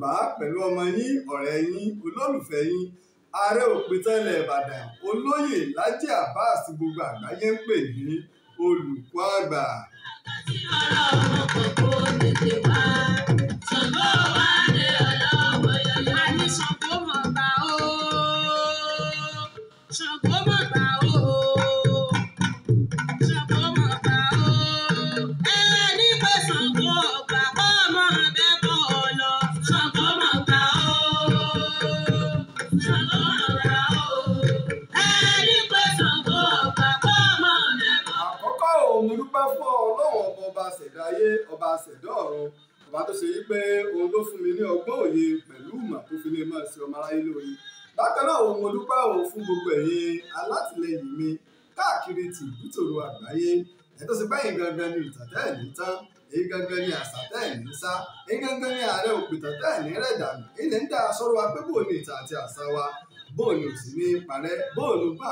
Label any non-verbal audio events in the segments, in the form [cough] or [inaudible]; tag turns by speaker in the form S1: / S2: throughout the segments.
S1: yorùbá pẹ̀lú ọmọ yín ọ̀rẹ́ yín olólùfẹ́ yín ààrẹ òpìtẹ́lẹ̀ ìbàdàn olóyè lájì abbas gbogbo àgbáyé ń pè ní olùkọ́ àgbà. àti ọ̀rọ̀
S2: ọmọ kòkó tètè wá ṣàgbọ́n wá lè ọ̀.
S1: ọba ṣẹ̀dá ayé ọba ṣẹ̀dá ọba tó ṣe yí pé òun ló fún mi ní ọgbọ́n òye pẹ̀lú ìmọ̀ tó fi lè máa ṣe ọmọ aráyé lórí bákan náà òun mo dúpẹ́ òun fún gbogbo ẹ̀yin alátìlẹyìn mi káàkiri ti ìbútòrò àgbáyé ẹ̀tọ́ sí báyìí gangan ni ìtàtẹ́ tán èyí gangan ni sá èyí bóòlù sì ní parẹ́ bóòlù bá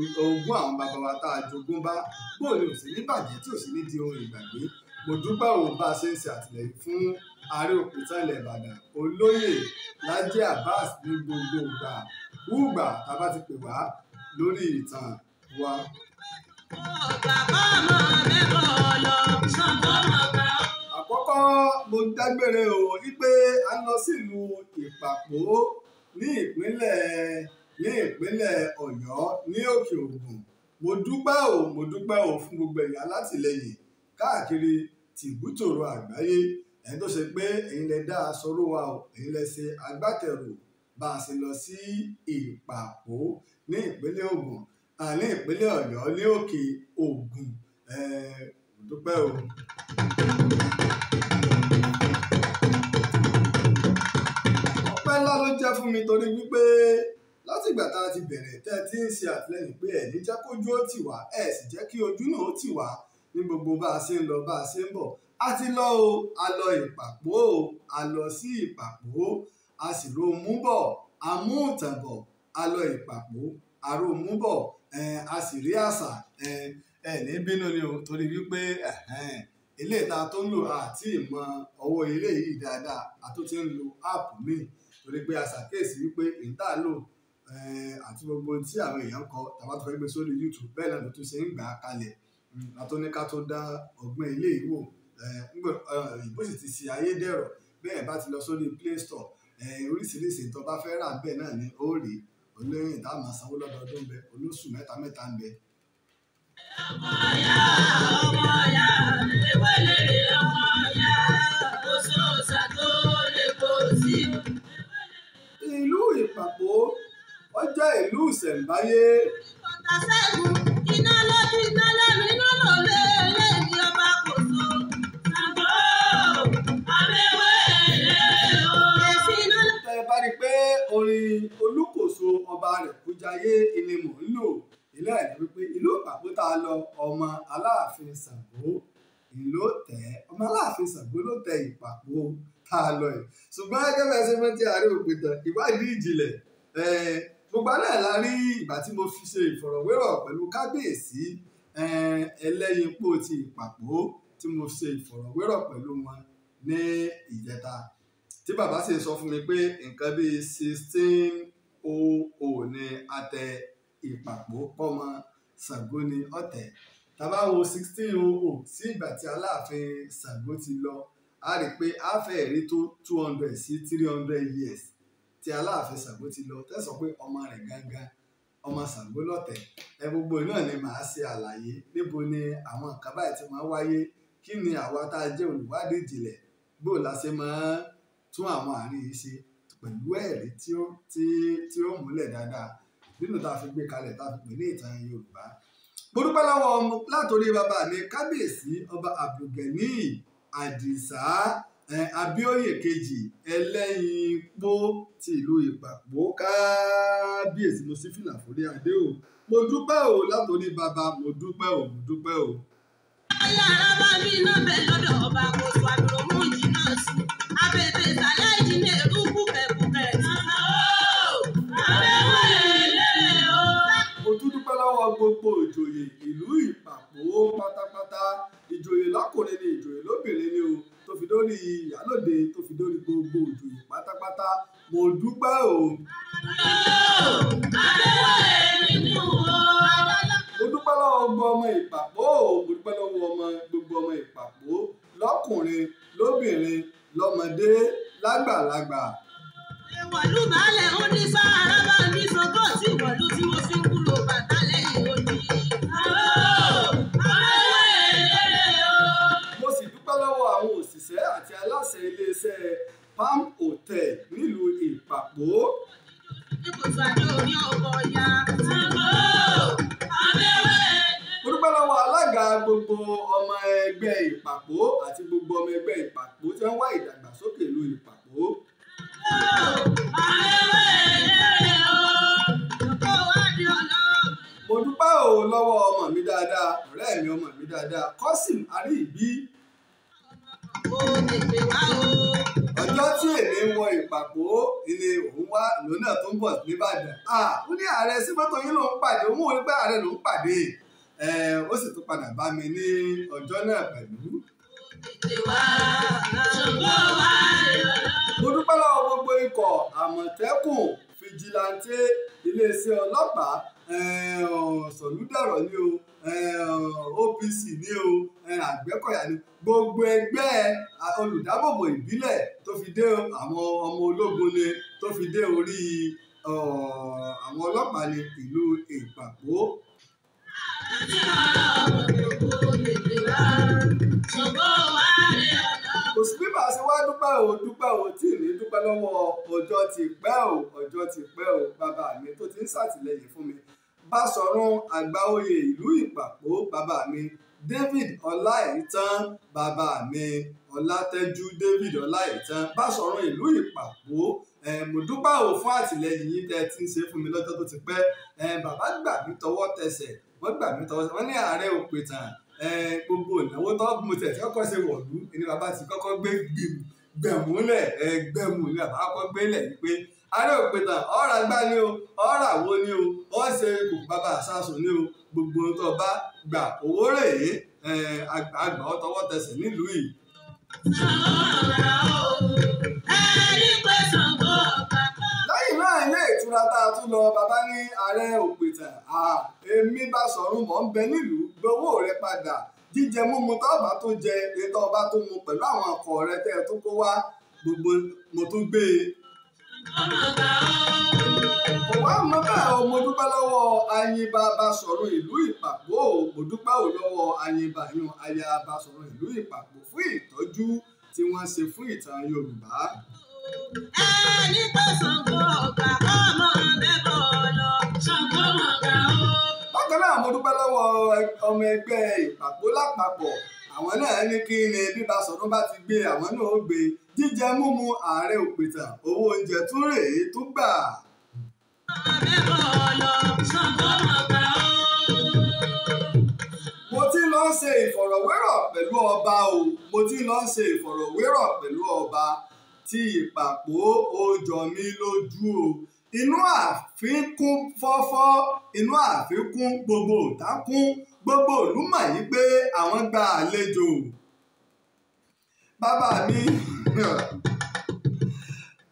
S1: ogún àwọn bàbá wa tá a jogún bá bóòlù sì ní bàjẹ́ tí ò sì ní di ohun ìgbàgbé mo dúpẹ́ òun bá a ṣe ń ṣe àtìlẹ́yìn fún ààrẹ òkúta ìbàdàn olóyè Lájí Abbas ní gbogbo ìgbà wúgbà tá a bá ti pè wá lórí ìtàn wa. àkọ́kọ́ mo dágbére o wípé a lọ sílùú ìpàpọ̀ ní ìpínlẹ̀ ní ìpínlẹ̀ ọ̀yọ́ ní òkè ògùn mo dúpẹ́ o mo dúpẹ́ o fún gbogbo ẹ̀yà alátìlẹyìn káàkiri tìbútòrò àgbáyé ẹ̀yin tó ṣe pé èyí lè dá aṣọ́rò wa o ẹ̀yin lẹ ṣe agbátẹrù bá a ṣe lọ sí ìpàpó ní ìpínlẹ̀ ló jẹ́ fún mi torí wípé látìgbà tá a ti bẹ̀rẹ̀ tẹ́ ẹ ti ń ṣe àtìlẹ́yìn pé ẹ̀ ní jẹ́ kójú ó tì wá ẹ̀ sì jẹ́ kí ojú náà ó tì wá ní gbogbo bá a ṣe ń lọ bá a ṣe ń bọ̀ a ti lọ o a lọ ìpàpó o a lọ sí ìpàpó a sì ro mú bọ̀ a mú ìtàn bọ̀ a lọ ìpàpó a ro mú bọ̀ a sì rí àṣà ẹ ní bínú ni o torí wípé ilé ìta tó ń lò àti ìmọ̀ ọwọ́ ilé yìí dáadáa àtúntí ń lo áàpù míì torí pé a ṣàkíyèsí wípé èyí eh, àti gbogbo tí àwọn èèyàn kọ tàbá tó fẹ́ gbé e sórí YouTube bẹ́ẹ̀ náà ló tún ṣe ń gbà á kalẹ̀ látọ́níká hmm, tó dá ọgbọ́n ilé ìwò eh, eh, ìbò sì ti ṣe ayédẹ̀rọ̀ bẹ́ẹ̀ bá ti lọ sórí Play Store oríṣiríṣi tó bá fẹ́ rà bẹ́ẹ̀ náà ni ó rí olóyìn ìdá sanwó lọ́dọọdún bẹ olóṣù mẹ́ta mẹ́ta ń bẹ. ọmọ ya ọmọ ya ewé lè. pàpó ó jẹ́ ìlú ìṣẹ̀ǹbáyé. orin olúkòso ọba rẹ̀ kújayé ilé mò ń lò ilé ẹ̀ wípé ìlú pàpó lọ ọmọ aláàfin Ṣàngó ìlú tẹ̀ ọmọ aláàfin Ṣàngó ló tẹ ìpàpó tá a lọ yìí ṣùgbọ́n gẹ́gẹ́ bẹ́ẹ̀ ṣe mọ́ tí ààrẹ òpin tán ìwádìí ìjìnlẹ̀ gbogbo alẹ́ la rí ìgbà tí mo fi ṣe ìfọ̀rọ̀wérọ̀ pẹ̀lú kábíyèsí ẹlẹ́yinpó ti ìpàpó tí mo ṣe ìfọ̀rọ̀wérọ̀ pẹ̀lú wọn ní ìjẹta tí bàbá sì sọ fún mi pé nǹkan bíi sixteen oh oh ni àtẹ ìpàpó pọ́mọ Ṣàngó ni ọ̀tẹ̀ tàbá wo sixteen oh oh sí ìgbà tí Aláàfin Ṣàngó ti lọ a rí i pé a fẹ́ rí tó two hundred sí three hundred years tí aláàfin Ṣàngó ti lọ tẹ̀sán pé ọmọ rẹ̀ gangan ọmọ Ṣàngó lọ́tẹ̀ ẹ gbogbo náà ni màá ṣe àlàyé níbo ni àwọn nǹkan báyìí ti máa wáyé kí ni àwa tá a jẹ́ olùwádìí ìjìnlẹ̀ bó la ṣe máa tún àwọn àárín yìí ṣe pẹ̀lú ẹ̀rí tí ó tí tí ó múlẹ̀ dáadáa nínú tá a fi gbé kalẹ̀ tá a fi pè ní ìtàn Yorùbá. mo dúpẹ́ láwọn ọmọ látòrí bàbá mi kábíyèsí ọba Abdulganiy àdìsá abíòye kejì ẹlẹ́yinpó ti ìlú ìpàpọ̀ kábíyèsí mo sì fìlà fúnlé adé o mo dúpẹ́ o látòrí bàbá mo dúpẹ́ o mo dúpẹ́ o. alára bá
S2: mi iná bẹ lọ́dọ̀ ọba kò sọ àdúrà mú ìjì náà sí abẹ́bẹ́
S1: ìsàlẹ̀ ìjì ní
S2: èrú bùkẹ̀bùkẹ̀ náà
S1: abẹ́wọ̀ èlé o. mo tún dúpẹ́ lọ́wọ́ gbogbo òjòyè ìlú ìpàpọ̀ pátápátá ìjòyè lọ́kùnrin ni ìjòyè lóbìnrin ni o tó fi dórí ìyálòde tó fi dórí gbogbo ìjòyè pátápátá mo dúpẹ́ o. mo dúpẹ́ lọ́wọ́ gbogbo ọmọ ìpàpọ̀ o mo dúpẹ́ lọ́wọ́ ọmọ gbogbo ọmọ ìpàpọ̀ lọ́kùnrin lóbìnrin lọ́mọdé lágbàlagbà.
S2: ìwọ̀lú baálẹ̀ ó ní sáà arábà mi sọ́kọ́ sí ìwọ̀lú tí mo fi ń kú.
S1: òṣìṣẹ́ àti aláṣẹ iléeṣẹ́ palm hotel nílùú ìpàpọ̀.
S2: ibùsùn àjọ orí ọkọ̀ ya sábà
S1: abẹ́rẹ́. mo dúpẹ́ lọ́wọ́ alága gbogbo ọmọ ẹgbẹ́ ìpàpọ̀ àti gbogbo ọmọ ẹgbẹ́ ìpàpọ̀ tí wọ́n wá ìdàgbàsókè ìlú ìpàpọ̀. mo dúpẹ́ o lọ́wọ́ ọmọ mi dáadáa ọ̀rẹ́ mi ọmọ mi dáadáa kọ́sìm àríyìnbí ọjọ́ tí èmi wọ ìpàkó ilé òun wá ìlú náà tó ń bọ̀ nìbàdàn ó ní ààrẹ sí mọ́tò yín lòún pàdé òun ò rí pé ààrẹ lòún pàdé ó sì tún padà bá mi ní ọjọ́ náà pẹ̀lú. mo dúpẹ́ lọ́wọ́ gbogbo ikọ̀ àmọ̀tẹ́kùn fìjìláńtẹ́ iléeṣẹ́ ọlọ́pàá Eh, sọ̀lúdọ̀rọ̀ ni o eh, OPC ni o eh, àgbẹ̀kọ̀yà ni gbogbo ẹgbẹ́ olùdáàbòbò ìbílẹ̀ tó fi dé àwọn ọmọ ológun ni tó fi dé orí àwọn ọlọ́pàá ní ìlú ìpàgbó. kò sí bí màá ṣe wá dúpẹ́ o dúpẹ́ o tí ní dúpẹ́ lọ́wọ́ ọjọ́ ti pẹ́ o ọjọ́ ti pẹ́ o bàbá mi tó ti ń ṣàtìlẹ́yìn fún mi Báṣọ̀run Àgbàoyè ìlú Ìpàpó bàbá mi David Ọláìtàn bàbá mi Ọlátẹ́jú David Ọláìtàn Báṣọ̀run ìlú Ìpàpó mo dúpẹ́ o fún àtìlẹyìn yìí tẹ́ ti ń ṣe fún mi lọ́jọ́ tó ti pẹ́ bàbá gbà mí tọwọ́ tẹsẹ̀ wọ́n gbà mí tọwọ́ tẹsẹ̀ wọ́n ní ààrẹ òpè tàn gbogbo ìnáwó tó mo tẹ̀ tí kọ́kọ́ ṣe wọ̀lú ni bàbá ti kọ́kọ́ gbé gbẹ̀mú lẹ̀ ni bàbá kọ́kọ́ gbé lẹ̀ wípé àárẹ̀ òpètà ọ̀rọ̀ àgbà ni o ọ̀rọ̀ àwo ni o wọ́n ṣe kò bàbá àṣàṣùn ni o gbogbo ohun tó bá gbà owó rèé àgbà ọ̀tọwọ́ tẹsẹ̀ nílùú yìí. lẹ́yìn náà ilé ìtura tá a tún lọ bàbá ní àárẹ̀ òpètà èmi bá sọ̀rùn mọ̀ ń bẹ nílùú gbowó rẹ padà jíjẹ múmu tọ́ọ̀bà tó jẹ ètò ọba tó mu pẹ̀lú àwọn ọkọ̀ rẹ tẹ́ ẹ tó kó wá gbogbo mo tún gbé e kò wá mọ bẹ́ẹ̀ o mo dúpẹ́ lọ́wọ́ ayinba Basọ̀run ìlú Ìpàpọ̀ o mo dúpẹ́ o lọ́wọ́ ayinba yan aya Basọ̀run ìlú Ìpàpọ̀ fún ìtọ́jú tí wọ́n ṣe fún ìtàn Yorùbá. ẹni tó Ṣàngó ọ̀gá ọmọ bẹ́bọ̀ lọ Ṣàngó ọ̀gá o. bákan náà mo dúpẹ́ lọ́wọ́ ọmọ ẹgbẹ́ Ìpàpọ̀ lápapọ̀ àwọn náà ní kí ni bíbá sọdún bá ti gbé àwọn náà ó gbé jíjẹ múmu ààrẹ òpìtà owó oúnjẹ tún rèé tún gbà. mo ti lọ ṣe ìfọ̀rọ̀wérọ̀ pẹ̀lú ọba o mo ti lọ ṣe ìfọ̀rọ̀wérọ̀ pẹ̀lú ọba tí ìpàpọ̀ ó jọ mí lójú o inú àfikún fọ́fọ́ inú àfikún gbogbo òtákún gbogbo ìlú mọ̀ yí pé àwọn gba àlejò bàbá mi [laughs]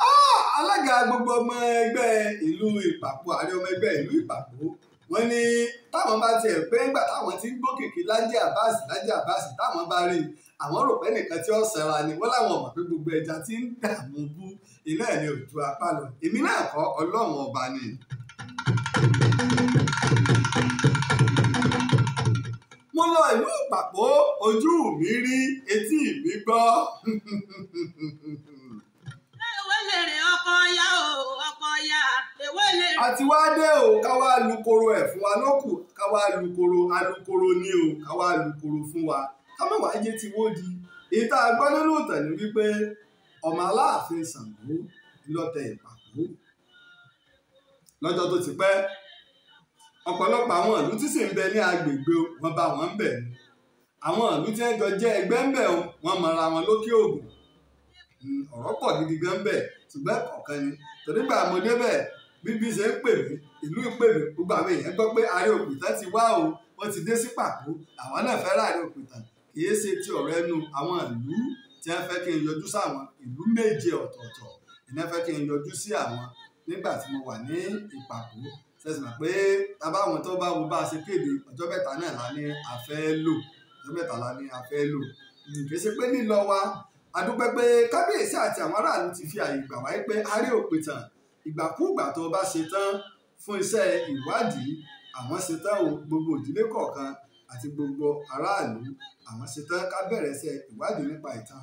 S1: ah, alága gbogbo ọmọ ẹgbẹ́ ìlú ìpàpọ̀ ààrẹ ọmọ ẹgbẹ́ ìlú ìpàpọ̀ wọ́n ní táwọn bá tiẹ̀ pé ńgbà táwọn ti ń gbókèké lájẹ́ àbáàsì lájẹ́ àbáàsì táwọn bá rí àwọn rò pé nìkan tí ó sẹ́ra ni wọ́n láwọn ọ̀mọ̀ pé gbogbo ẹja ti ń dààmú bú iná ẹ̀ ní òjò apá lọ èmi náà kọ́ ọlọ́run ọba ni. mo lọ ìlú ìpàpó ojú mi rí etí mi gbọ́.
S2: èwe lè ọkọ ya o ọkọ ya èwe lè rìn. àti wá dé o
S1: ká wá lukoro ẹ̀ fún wa lókù ká wá lukoro alukoro ni o ká wá lukoro fún wa ká má wàá jẹ́ ti wó ìta gbọ́ nínú wípé ọmọ aláàfin Ṣàngó ló tẹ lọ́jọ́ tó ti pẹ́ ọ̀pọ̀lọpọ̀ àwọn ìlú tí sì ń bẹ ní agbègbè wọn bá wọn bẹ̀ àwọn ìlú tí wọ́n jọ jẹ́ ẹgbẹ́ ń bẹ̀ wọ́n mọra wọn lókè ògùn hmm, ọ̀rọ̀ pọ̀ gidi gan bẹ̀ ṣùgbọ́n kọ̀ọ̀kan ni torí gbà mo débẹ̀ bíbí ṣe ń pè mí ìlú ń pè mí gbogbo àwọn èèyàn gbọ́ pé ààrẹ òpìtàn ti wá o wọ́n ti dé sí pàkó àwọn náà fẹ́ ráàrẹ òpìtàn kì í ṣe ti ọ̀rọ̀ ẹnu àwọn ìlú tí wọ́n fẹ́ kí n yọjú sáwọn ìlú méje ọ̀tọ̀ọ̀tọ̀ ìná fẹ́ kí n yọjú sí àwọn nígbà tí mo wà ní ìpàkó ṣẹ̀sìn mọ̀ pé bàbá àwọn tó bá wo bá a ṣe kéde ọjọ́ mẹ́ta náà la ní a fẹ́ lò ọjọ́ mẹ́ta la ní a fẹ́ lò kì í ṣe pé lílọ wa àdúpẹ́ pé kábíyèsí àti àwọn aráàlú ti fi àyè gbà wáyé pé arí òpè tàn ìgbàkúùgbà tó bá ṣe tán fún iṣẹ́ ìwádìí àwọn ṣe tán o gbogbo ìdílé kọ̀ọ̀kan àti gbogbo aráàlú àwọn ṣe tán ká bẹ̀rẹ̀ iṣẹ́ ìwádìí nípa ìtàn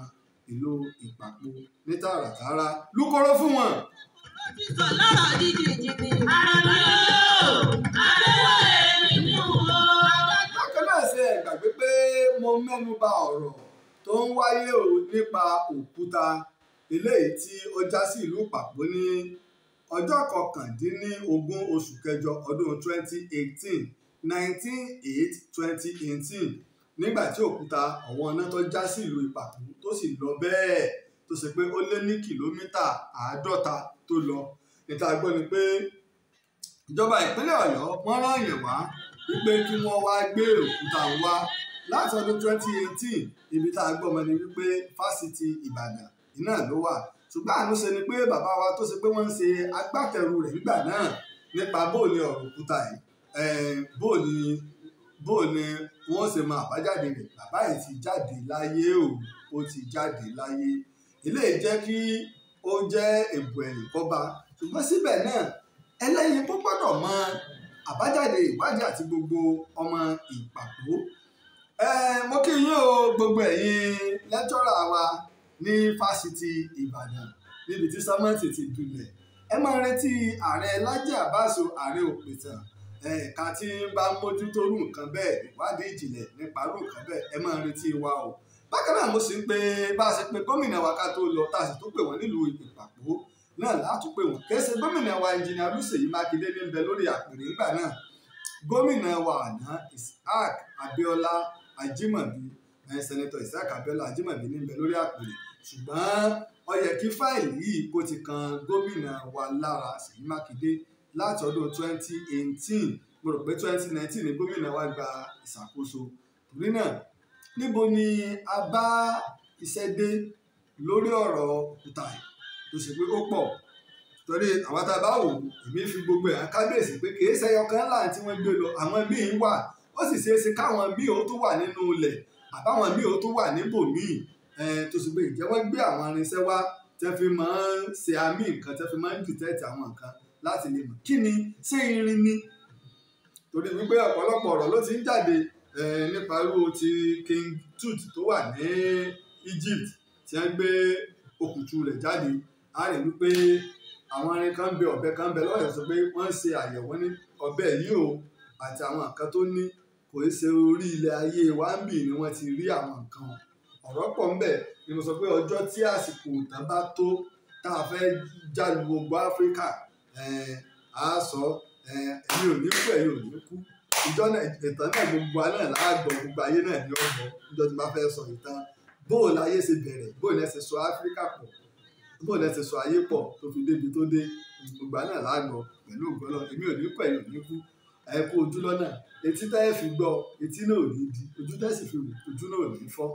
S1: ìlú ìpàpọ̀
S2: ní tààràtààrà lúkọrọ
S1: fún wọn gbàgbé pé mo mẹ́nu bà ọ̀rọ̀ tó ń wáyé o nípa òkúta eléyìí tí ó já sí ìlú pàpó ní ọjọ́ kọkàndínlógún oṣù kẹjọ ọdún 2018 19 2018 nígbà tí òkúta ọ̀wọ́n náà tó já sí ìlú ìpàkú tó sì lọ bẹ́ẹ̀ tó ṣe pé ó lé ní kìlómítà àádọ́ta tó lọ níta gbọ́ ni pé ìjọba ìpínlẹ̀ ọ̀yọ́ wọ́n rán yẹn wá wípé kí wọ́n wá gbé òkúta wá láti ọdún twenty eighteen ibi tá a gbọ́ ọmọ ni wípé fásitì ìbàdàn iná ló wà ṣùgbọ́n àánú ṣe ni pé bàbá wa tó ṣe pé wọ́n ń ṣe agbátẹrù rẹ̀ nígbà náà nípa bóòlì ọ̀rọ̀ òkúta yìí eh, bóòlì wọ́n ṣe máa àbájáde rẹ̀ bàbá yìí ti jáde láyé o ó ti jáde láyé ilé jẹ́ kí ó jẹ́ èbù ẹ̀yìn kọ́ba ṣùgbọ́n síbẹ̀ náà ẹlẹ́yin tó gbọ́dọ̀ mọ àbájáde ìwádìí àti gbogbo ọmọ ìpàkó mo kí yín o gbogbo ẹ̀yin lẹ́tọ́rà wa ní fásitì ìbàdàn níbi tí sámẹ́ǹtì ti dulẹ̀ ẹ máa retí ààrẹ Laji Abbas ààrẹ òpìtàn ẹ̀ka tí ń bá mójútó rú nǹkan bẹ́ẹ̀ ìwádìí ìjìnlẹ̀ nípa rú nǹkan bẹ́ẹ̀ ẹ máa retí wa o bákan náà mo sì ń pe bá a ṣe pe gómìnà wa ká tó lọ tá a sì tún pè wọ́n nílùú ìpàpó náà látún pè wọ́n kẹsẹ̀ gómìnà wa ẹnjìnìà olùsèyí mákindé ní bẹ lórí àpèrè ìgbà náà gómìnà wa àná isaac abiola ajimobi eh, sẹ́nẹ́tọ̀ isaac abiola ajimobi ní bẹ lórí àpèrè ṣùgbọ́n ó yẹ kí fáìlì yìí kó ti kan gómìnà wa lára ṣèyí mákindé láti ọdún 2018 mo rò pé 2019 ni gómìnà wa gba ìṣàkóso torí náà níbo ni a bá iṣẹ́ dé lórí ọ̀rọ̀ òkúta tó ṣe pé ó pọ̀ torí àwọn tá a bá wò èmi fi gbogbo ẹ̀ kábíyèsí pé kì í ṣe ọkàn ńlá tí wọ́n gbé lọ àwọn míì wà ó sì ṣeé ṣe káwọn míì ó tún wà nínú ilẹ̀ àbáwọn míì ó tún wà níbòmíì eh, tó ṣe pé ìjẹ́wọ́ gbé àwọn irinṣẹ́ wá tẹ́ fi máa ń ṣe àmì nǹkan tẹ́ fi máa ń dìtẹ́ẹ̀tì àwọn nǹkan láti lè mọ̀ kí ni ṣé irin ni torí wípé ọ̀pọ̀lọpọ̀ ọ̀rọ̀ ló ti ń jáde nípa irú ti King Tut tó wà ní Egypt tí wọ́n gbé òkùtù rẹ̀ jáde á rí wípé àwọn arin kan bẹ ọ̀bẹ kan bẹ lọ́yọ̀ sọ pé wọ́n ṣe àyẹ̀wò ní ọ̀bẹ yìí o àti àwọn nǹkan tó ní kò í ṣe orí ilẹ̀ ayé wa ń bì ni wọ́n ti rí àwọn nǹkan ọ̀rọ̀ pọ̀ ń bẹ ni mo sọ pé ọjọ́ tí àsìkò ìtàn bá tó tá a fẹ́ jálu gbogbo Áfíríkà á sọ ẹ̀yin ò ní kú ẹ̀yin ò ní kú ìjọ náà ìtàn náà gbogbo alẹ́ láàgbọ̀ gbogbo ayé náà ní ọ̀gbọ̀n ìjọ tí bá fẹ́ sọ ìtàn bóòlù ayé ṣe bẹ̀rẹ̀ bóòlù ẹ̀ ṣe sọ áfíríkà pọ̀ bóòlù ẹ̀ ṣe sọ ayé pọ̀ tó fi débi tó dé gbogbo alẹ́ láàgbọ̀ pẹ̀lú ògbọ́lọ́ èmi ò ní pẹ̀ ò ní kú ẹ kú ojú lọ́nà etí táyé fi gbọ́ etí náà ò ní di ojú táyé sì fi wù ojú náà ò ní fọ́.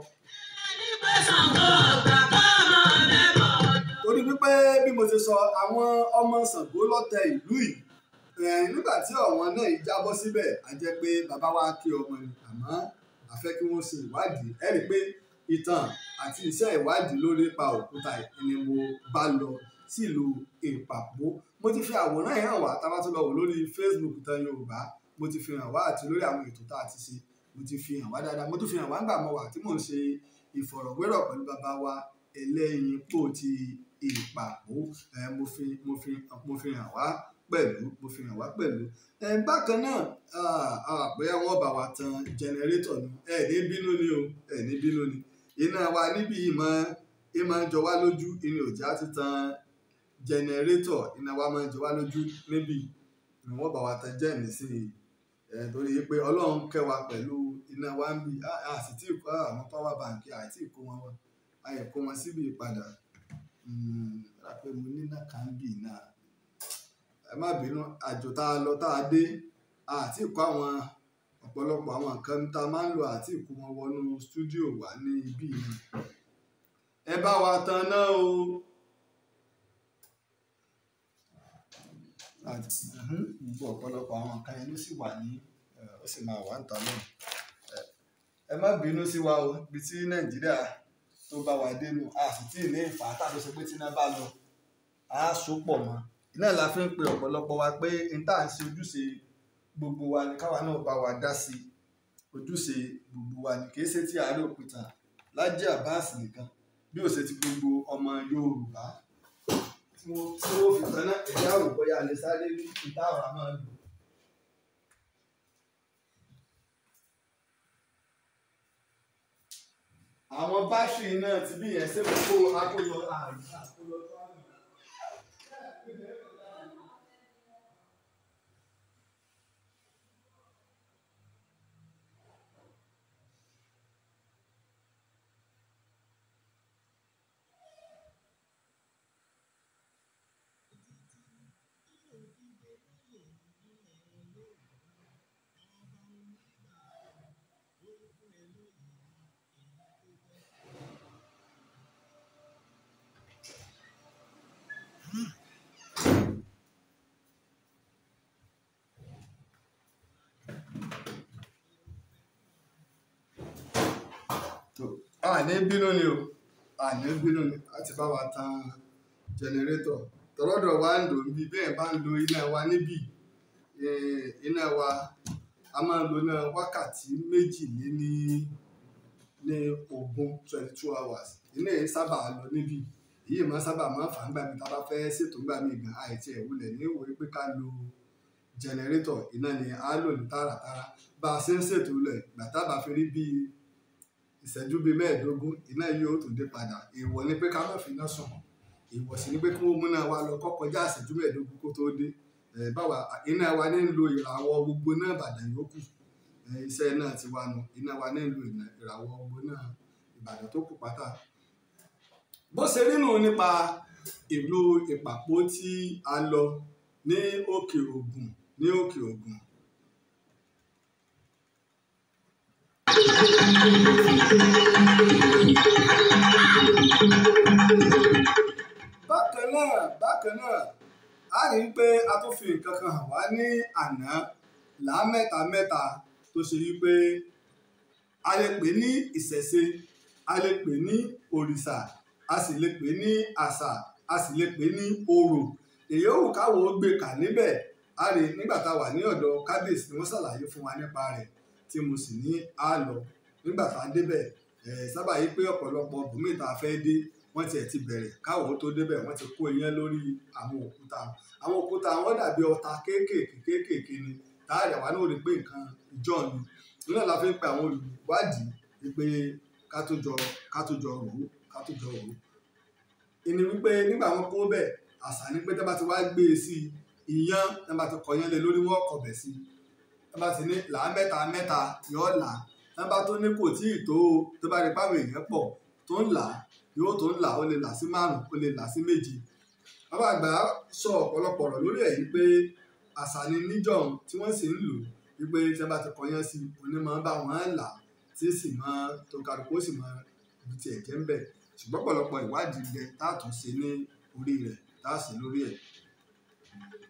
S1: torí pípẹ́ bí mo ṣe sọ àwọn ọmọ Ṣàngó lọ́tẹ̀ ìlú yìí nígbà tí ọ̀wọ́n náà jábọ́ síbẹ̀ a jẹ́ pé bàbá wa kí ọmọ ni àmọ́ a fẹ́ kí wọ́n ṣe ìwádìí ẹ rí i pé ìtàn àti iṣẹ́ ìwádìí lórí ipa òkúta ni mo bá lọ sílùú Ìpàpó mo ti fi àwòrán yẹn hàn wá tá a bá tún lọ wò lórí Facebook Ìtàn Yorùbá mo ti fi hàn wá àti lórí àwọn ètò tá a ti ṣe mo ti fi hàn wá dáadáa mo tún fi hàn wá nígbà mo wà tí mò ń ṣe ìfọ̀rọ̀wérọ̀ pẹ̀lú bàbá wa Ẹlẹ́yinpọ̀ ti Ìpàpó mo fi hàn wá pẹ̀lú mo fi hàn wá pẹ̀lú bákan náà bóyá wọ́n bá wa tan jẹnẹrétọ̀ ni ẹ̀ ní bínú ni o ẹ̀ ní bínú ni iná wa níbi ìmọ̀ ìmọ̀ ń jọ wá lójú inú òjá ti tan jẹnẹrétọ̀ iná wa máa ń jọ lójú níbi ni bá wa tan jẹ́ẹ̀mí sí pé ọlọ́run kẹ́ pẹ̀lú iná wa ń bí àwọn power bank ẹ má bínú àjò tá a lọ tá a dé àti kó àwọn ọ̀pọ̀lọpọ̀ àwọn nǹkan tá a máa ń lò àti kó wọn wọnú stúdíò wá ní ibí yìí ẹ bá wa tan náà o. Mhm, gbogbo ọ̀pọ̀lọpọ̀ àwọn nǹkan yẹn ló sì wà ní ó sì máa wà níta náà ẹ má bínú sí wa o ibi tí nàìjíríà tó bá wa dénú a sì tí ì ní ìfà tá a tó sọ pé tí iná bá lọ a sopọ̀ mọ́ náà la fi ń pe ọ̀pọ̀lọpọ̀ wa pé n tá à ń ṣe ojúṣe gbogbo wa ni káwa náà bá wa dá sí ojúṣe gbogbo wa ni kì í ṣe ti àárẹ̀ òkúta Lájí Abbas nìkan bí ó ṣe ti gbogbo ọmọ Yorùbá tí wọ́n fi tán náà ẹ̀yà òbọ̀yà lè sáré rí ìta àwọn àmọ́ lò. àwọn báṣì náà ti bí yẹn ṣe kókó akóyọ àrùn àkóyọ tó. àní bínú ni o àní bínú ni láti bá wa tan jẹnẹrétọ̀ tọ́lọ́dọ̀ wa ń lò níbi bẹ́ẹ̀ bá ń lo iná wa níbí iná wa a máa ń lo iná wákàtí méjì lé ní ní ogún twenty two hours iná yìí sábà lọ níbí èyí máa sábà máa fà ń gbà mí tá fẹ́ ṣètò gbà mí gan àìtí ẹ̀ wúlẹ̀ ní ìwòye pé ká lo jẹnẹrétọ̀ iná ni a lò ní tààràtàrà bá a ṣe ń ṣètò lẹ̀ gbàtà bá fi rí bíi ìṣẹ́jú bíi mẹ́ẹ̀ẹ́dógún iná yóò tún dé padà èèwọ̀ ni pé ká má fi iná sùn èèwọ̀ sì ni pé kí wọ́n múná wa lọ kọ́ kọjá ìṣẹ́jú mẹ́ẹ̀ẹ́dógún kó tó dé báwa iná wa ní ń lo ìràwọ̀ gbogbo náà Ìbàdàn yòókù iṣẹ́ náà ti wá nu iná wa ní ń lo ìràwọ̀ gbogbo náà Ìbàdàn tó kù pátá bó ṣe rí nípa ìlú Ìpàpó tí a lọ ní Òkè Ògùn ní Òkè Ògùn
S3: bákan
S1: náà bákan náà a rí i pé a tún fi nǹkan kan hàn wá ní àná làámẹ́ta mẹ́ta tó ṣe yí pé a lè pè ní ìṣẹ̀ṣe a lè pè ní òrìṣà a sì lè pè ní àṣà a sì lè pè ní orò èyí ò káwọ́ gbé kà níbẹ̀ a rí nígbà tá a wà ní ọ̀dọ̀ kábíyèsí ni wọ́n ṣàlàyé fún wa nípa rẹ̀ tí mo sì ní àlọ nígbà tá a débẹ̀ ẹ sábà yí pé ọ̀pọ̀lọpọ̀ bùnmí tá a fẹ́ dé wọ́n tiẹ̀ ti bẹ̀rẹ̀ káwọn tó débẹ̀ wọ́n ti kó iyán lórí àwọn òkúta àwọn òkúta wọn dàbí ọta kéékèèké kéékèèké ni táàrí àwa náà rí pé nǹkan ìjọ ni nílẹ̀ la fi ń pe àwọn olùwádìí wípé ká tó jọ ká tó jọ òru ká tó jọ òru ìní wípé nígbà wọn kó bẹ̀ àṣà ni pé tẹ́ bá ti wá gbé e sí iyán tẹ́ bá ti kọ̀ yẹn lé lórí wọn kọ̀ bẹ̀ sí i bá ti ní là mẹ́ta mẹ́ta yóò là nọ́mbà tó ní kò tí ì tó o tó bá rí páwọn èèyàn pọ̀ tó ń là yóò tó ń là ó lè là sí márùn ó lè là sí méje bàbá àgbà sọ ọ̀pọ̀lọpọ̀ ọ̀rọ̀ lórí èyí pé àṣà níjọ̀hún tí wọ́n sì ń lò wípé tí wọ́n bá ti kọyán sí onímọ̀ bá wọn là tí sì mọ tó kálukú sì mọ ibi tí ẹ̀jẹ̀ ń bẹ̀ ṣùgbọ́n ọ̀pọ̀lọpọ̀ ìwádìí rẹ̀ táàtún ṣe ní orí rẹ̀ táà sí lórí ẹ̀ eléyìí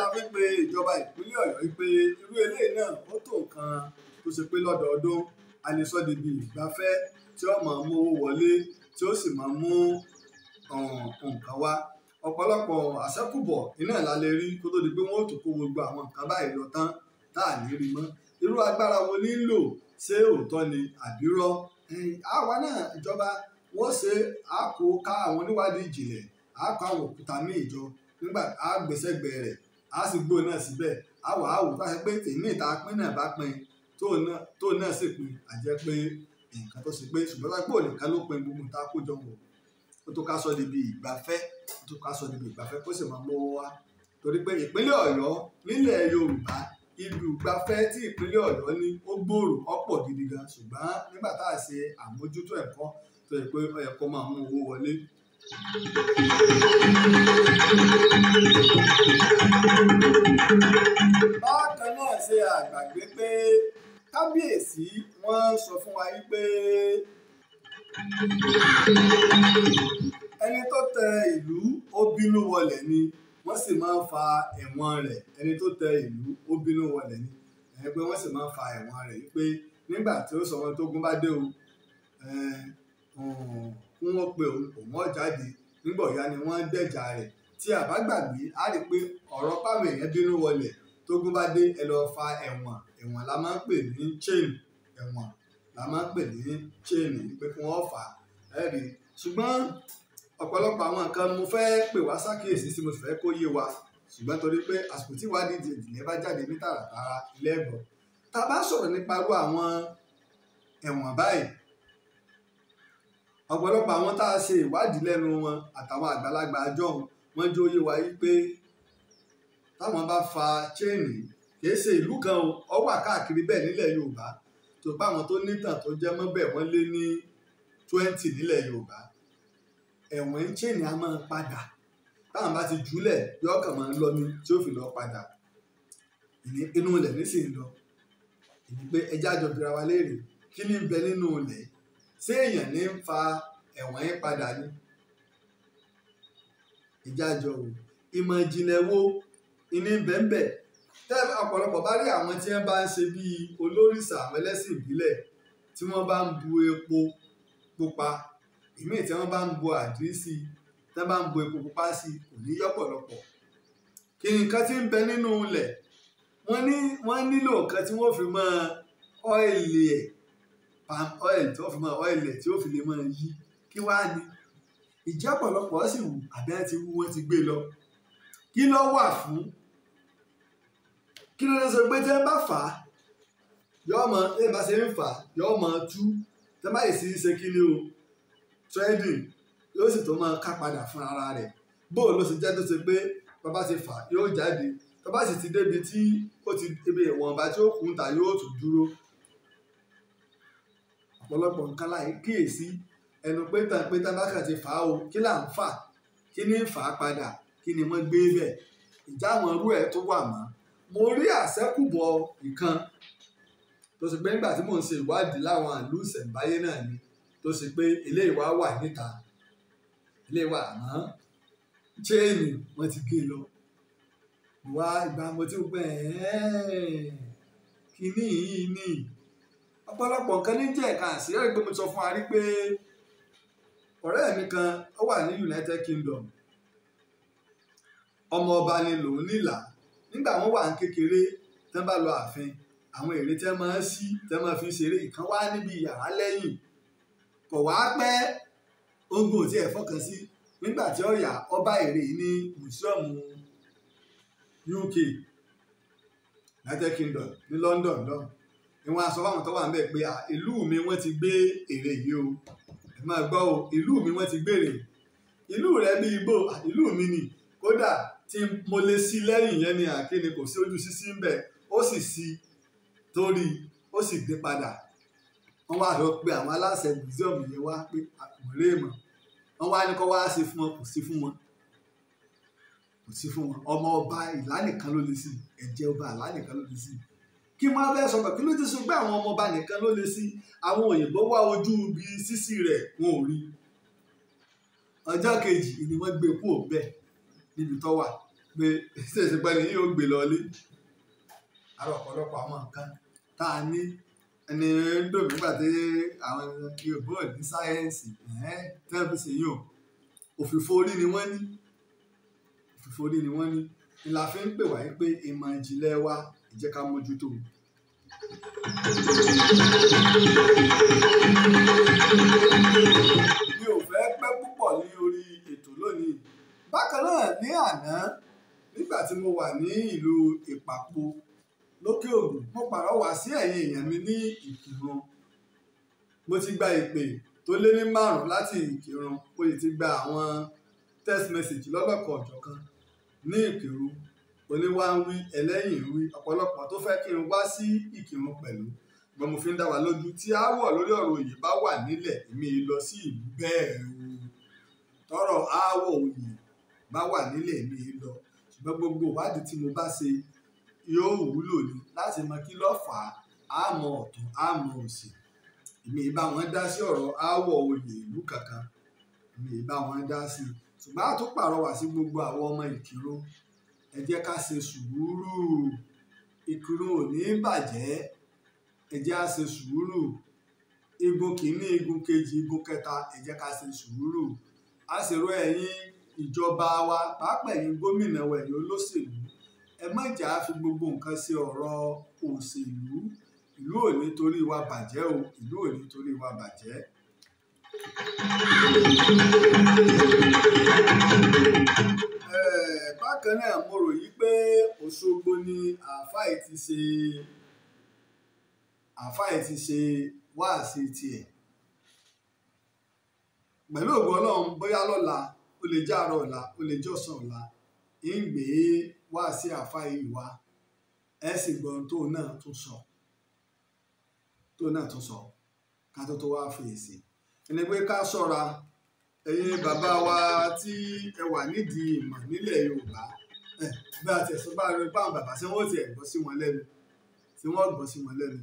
S1: la fi ń pe ìjọba ìpínlẹ̀ ọ̀yọ́ pé irú eléyìí náà ó tó nǹkan tó ṣe pé lọ́dọọdún a lè sọ débi ìgbafẹ́ tí ó máa mú owó wọlé tí ó sì máa mú nǹkan wá ọ̀pọ̀lọpọ̀ àṣẹ́kùbọ̀ iná ìlà lè rí kó tó di pé wọ́n ó tún kó gbogbo àwọn nǹkan báyìí lọ tán tá à ní rí mọ́ irú agbára wo ní lò ṣé òótọ́ ni àbírọ́ àwa náà ìjọba wọ́n ṣe àkó ká àwọn oníwádìí ìjìnlẹ̀ àkó àwọn òkúta ní ìjọ nígbà á gbèsègbè rẹ̀ sì gbó náà síbẹ̀ àwọ̀ wà bá ṣe pé tèmi ìta pín náà bá pín tó náà sì pín àjẹ́ pé pé ṣùgbọ́n nìkan ló gbogbo ta kó jọ wọ̀ ó tó ká sọ níbi ìgbafẹ́ ó tó ká sọ níbi ìgbafẹ́ kó a ṣe àmójútó tó yẹ pé ó yẹ máa mú owó wọlé. bákan náà ṣe àgbàgbé pé kábíyèsí wọ́n sọ fún wa wípé ẹni tó tẹ ìlú ó bínú wọlé ni wọ́n sì máa ń fa ẹ̀wọ̀n rẹ̀ ẹni tó tẹ ìlú ó bínú wọlé ni ẹni pé sì máa ń fa ẹ̀wọ̀n rẹ̀ wípé nígbà tí ó sọ wọn tó gún bá dé o kí pe òun kò mọ́ jáde nígbà ọ̀yá ni wọ́n ń dẹ̀jà rẹ̀ tí a á rí i pé ọ̀rọ̀ páwọn èèyàn bínú wọlẹ̀ tógún bá dé ẹ lọ́ọ́ fa ẹ̀wọ̀n ẹ̀wọ̀n la máa ń pè ní chain ẹ̀wọ̀n la máa ń pè ní chain pé kí wọ́n fà á rí i ṣùgbọ́n ọ̀pọ̀lọpọ̀ àwọn nǹkan mo fẹ́ pè wá sákìyèsí tí mo sì fẹ́ kó yé wa ṣùgbọ́n torí pé àsìkò tí ìwádìí ìdílé bá jáde ní tààràtàrà ilé tá a bá sọ̀rọ̀ nípa irú àwọn ẹ̀wọ̀n báyìí ọ̀pọ̀lọpọ̀ àwọn tá a ṣe ìwádìí lẹ́nu wọn àtàwọn àgbàlagbà àjọhùn wọ́n jó yé wa yí pé táwọn bá fa chéènì kìí ṣe ìlú kan ó wà káàkiri bẹ́ẹ̀ nílẹ̀ Yorùbá tó bá àwọn tó nítàn tó jẹ́ mọ́ wọ́n lé ní twenty nílẹ̀ Yorùbá ẹ̀wọ̀n ń chéènì a máa padà táwọn bá ti jùlẹ̀ yọ ọkàn máa ń lọ ní tí ó fi lọ padà inú ilẹ̀ nísìnyí lọ ìdí pé ẹjẹ́ àjọbíra wa léèrè kí ni ń bẹ nínú ilẹ̀ yìí ṣé èèyàn ní ń fa ẹ̀wọ̀n yín padà ni ìjájọ wò ìmọ̀ ìjìnlẹ̀ wo ìní bẹ́ẹ̀nbẹ́ tẹ́ ọ̀pọ̀lọpọ̀ bá rí àwọn tí wọ́n bá ń ṣe bíi olórìṣà àwọn ẹlẹ́sìn ìbílẹ̀ tí wọ́n bá ń bu epo pupa ìmíì tí wọ́n bá ń bu àdírísì tí wọ́n bá ń bu epo pupa sí kò ní yọ̀pọ̀lọpọ̀ kí nǹkan tí ń bẹ nínú ilẹ̀ wọ́n nílò nǹkan tí wọ́n fi mọ́ ọ́ìlì ẹ̀ palm oil tí wọ́n fi máa oil ẹ̀ tí ó fi lè máa yí kí wá ní ìjẹ́ ọ̀pọ̀lọpọ̀ sì wù àbí àti wú wọ́n ti gbé lọ kí ló wà fún kí ló ń sọ pé tí wọ́n bá fà á yọ mọ ẹ bá ṣe ń fà á yọ mọ tú tí bá yìí sí ṣe kí ni o trading yóò sì tó máa ká padà fún ara rẹ̀ bóò ló ṣe jẹ́ tó ṣe pé bàbá ti fà yóò jáde bàbá sì ti débi tí ó ti ibi ìwọ̀nba tí ó kùn ta yóò tún dúró ọ̀pọ̀lọpọ̀ nǹkan láì kíyèsí ẹnu pé tàn pé ti fà á o kí là ń fà kí ni fà á padà kí ni wọ́n gbé bẹ̀ ìjà àwọn irú ẹ̀ tó wà mọ́ mo rí àṣẹ́kùbọ̀ nǹkan tó ṣe pé nígbà tí mò ń ṣe ìwádìí láwọn ìlú ìṣẹ̀ǹbáyé náà ni tó ṣe pé eléyìí wá wà níta eléyìí wà àmọ́ chéènì wọ́n ti gé e lọ wá ìgbà mo ti gbẹ ẹ kínní yìí ni ọpọlọpọ nǹkan ní jẹ́ ẹ̀ka àṣírí ẹ̀rí pé mo sọ fún wa rí pé ọ̀rẹ́ mi kan ó wà ní United Kingdom ọmọ ọba ni lòun nílà nígbà wọn wà ń kékeré tẹ́ bá lọ ààfin àwọn ère tẹ́ máa ń sí tẹ́ máa fi ṣeré ìkan wá níbi yàrá lẹ́yìn kò wá pẹ́ ogun òtí ẹ̀ fọkàn sí nígbà tí ó yá ọba ère yìí ní mùsíọ̀mù UK United Kingdom ní London lọ́hùn ni wọ́n á sọ fáwọn tó wà níbẹ̀ pé ìlú mi wọ́n ti gbé èrè yìí o ẹ máa gbọ́ o ìlú mi wọ́n ti gbèrè ìlú rẹ bí ibo ìlú mi ni kódà tí mo lè sí lẹ́yìn yẹn ni àkéne kò sí ojú sísí ń bẹ̀ ó sì sí torí ó sì dé padà wọ́n wá lọ pé àwọn aláṣẹ museum yẹn wá pé àmọ̀lé mọ̀ wọ́n wá ní kó wá sí fún wọn kò sí fún wọn kò sí fún wọn ọmọ ọba ìlà nìkan ló lè sí ẹ̀jẹ̀ ọba ìlà nìkan ló lè sí kí n máa bẹ́ẹ̀ sọ̀tọ̀ kí ló ti sọ pé àwọn ọmọọba nìkan ló lè sí àwọn òyìnbó wá ojú ibi sísí rẹ̀ wọn ò rí ọjọ́ kejì ni wọ́n gbé kú òbẹ́ níbi tó wà pé ṣèṣe pẹ́ni yóò gbé lọ́lé àrò ọ̀pọ̀lọpọ̀ àwọn nǹkan tá a ní ẹni ndòmí gbà tí àwọn Yorùbá ò ní sáyẹ́ǹsì tẹ́lifíṣì yìí ò òfìfo orí ni wọ́n ní òfìfo orí ni wọ́n ní ni la fi ń pè wáyé pé ìmọ̀ ìjìnlẹ̀ wa jẹ́ ká mójútó. mi ò fẹ́ pẹ́ púpọ̀ ní orí ètò lónìí bákan náà ní àná nígbà tí mo wà ní ìlú ìpàpọ̀ lókè ògùn mo pàrọwà sí ẹ̀yin èèyàn mi ní ìkìrun mo ti gba ìpè tó lé ní márùn láti ìkìrun mo sì ti gba àwọn text message lọ́lọ́kọ̀ ọ̀jọ̀kan ní ìkìrun oníwà ń wí ẹlẹ́yìn ń wí ọ̀pọ̀lọpọ̀ tó fẹ́ kírun wá sí ìkírun pẹ̀lú ṣùgbọ́n mo fi ń dá wa lójú tí aáwọ̀ lórí ọ̀rọ̀ òye bá wà nílẹ̀ èmi lọ sí ìlú bẹ́ẹ̀ o tọ́rọ̀ aáwọ̀ òye bá wà nílẹ̀ èmi lọ ṣùgbọ́n gbogbo ìwádìí tí mo bá ṣe yóò wúlò ní láti mọ kí ló fà á àmọ́ ọ̀tún àmọ́ òsì èmi bá wọn dá sí ọ̀rọ̀ aáwọ̀ òye ìlú kankan èmi bá wọn dá sí ṣùgbọ́n àtúpàrọwà sí gbogbo àwọn ọmọ Ìkìrun ẹ jẹ́ ká ṣe sùúrù ìkírun ò ní bàjẹ́ ẹ jẹ́ á ṣe sùúrù igun kìíní igun kejì igun kẹta ẹ jẹ́ ká ṣe sùúrù á sì rọ ẹ̀yin ìjọba wa pàápàá ẹ̀yin gómìnà wa ẹ̀yin olóṣèlú ẹ má jà á fi gbogbo nǹkan ṣe ọ̀rọ̀ òṣèlú ìlú ò ní torí wa bàjẹ́ o ìlú ò ní torí wa bàjẹ́ Eh, bákan náà mo rò yí pé Òṣogbo ni àáfàì ti ṣe àáfàì ti ṣe wáàsí tiẹ̀ pẹ̀lú ògo Ọlọ́run bóyá lọ́la ó lè jẹ́ àárọ̀ ọ̀la ó lè jẹ́ ọ̀sán ọ̀la ń gbé wáàsí àáfàì ìwà ẹ sì gbọ́ tóun náà tún sọ tóun náà tún sọ ká tó tó wá fèsì ni pé ká ṣọ́ra ẹ̀yin bàbá wa tí ẹ wà nídìí ìmọ̀ nílẹ̀ Yorùbá bí a tẹ̀sán bá rí báwọn bàbá ṣé wọ́n ti ẹ̀ gbọ́ sí wọn lẹ́nu tí wọ́n gbọ́ sí wọn lẹ́nu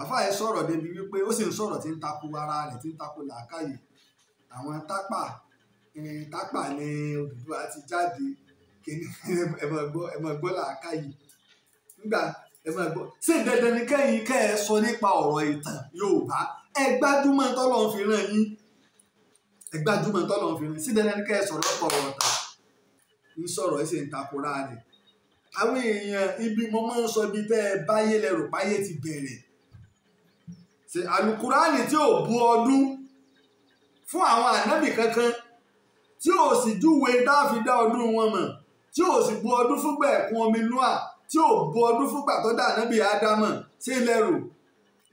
S1: àfáàyè sọ̀rọ̀ débi wípé ó sì ń sọ̀rọ̀ tí ń tako ara rẹ̀ tí ń tako làákàyè àwọn tápà tápà ni Odùduwà ti jáde kíní ẹ máa làákàyè nígbà ẹ máa gbọ́ ṣé kẹ́yìn kẹ́ ẹ sọ nípa ọ̀rọ̀ ìtàn Yorùbá ẹ gbájúmọ̀ tọ́lọ̀ ń fi ràn yín ẹ gbájúmọ̀ tọ́lọ̀ ń fi ràn yín síbẹ̀ lẹ́nu kẹ́ ẹ sọ̀rọ̀ ọ̀pọ̀ ọ̀tà ń sọ̀rọ̀ ẹ sì ń takora rẹ̀ àwọn èèyàn ibi mo máa ń sọ ibi tẹ́ ẹ báyé lẹ́rù báyé ti bẹ̀rẹ̀ ṣe àlùkùránì tí ò bu ọdún fún àwọn ànábì kankan tí ò sì júwe dáfídá ọdún wọn mọ̀ tí ò sì bu ọdún fúngbà ẹ̀kún omi noa tí ò bu ọdún fúngbà tó dà ànábì ádámọ̀ sí lẹ́rù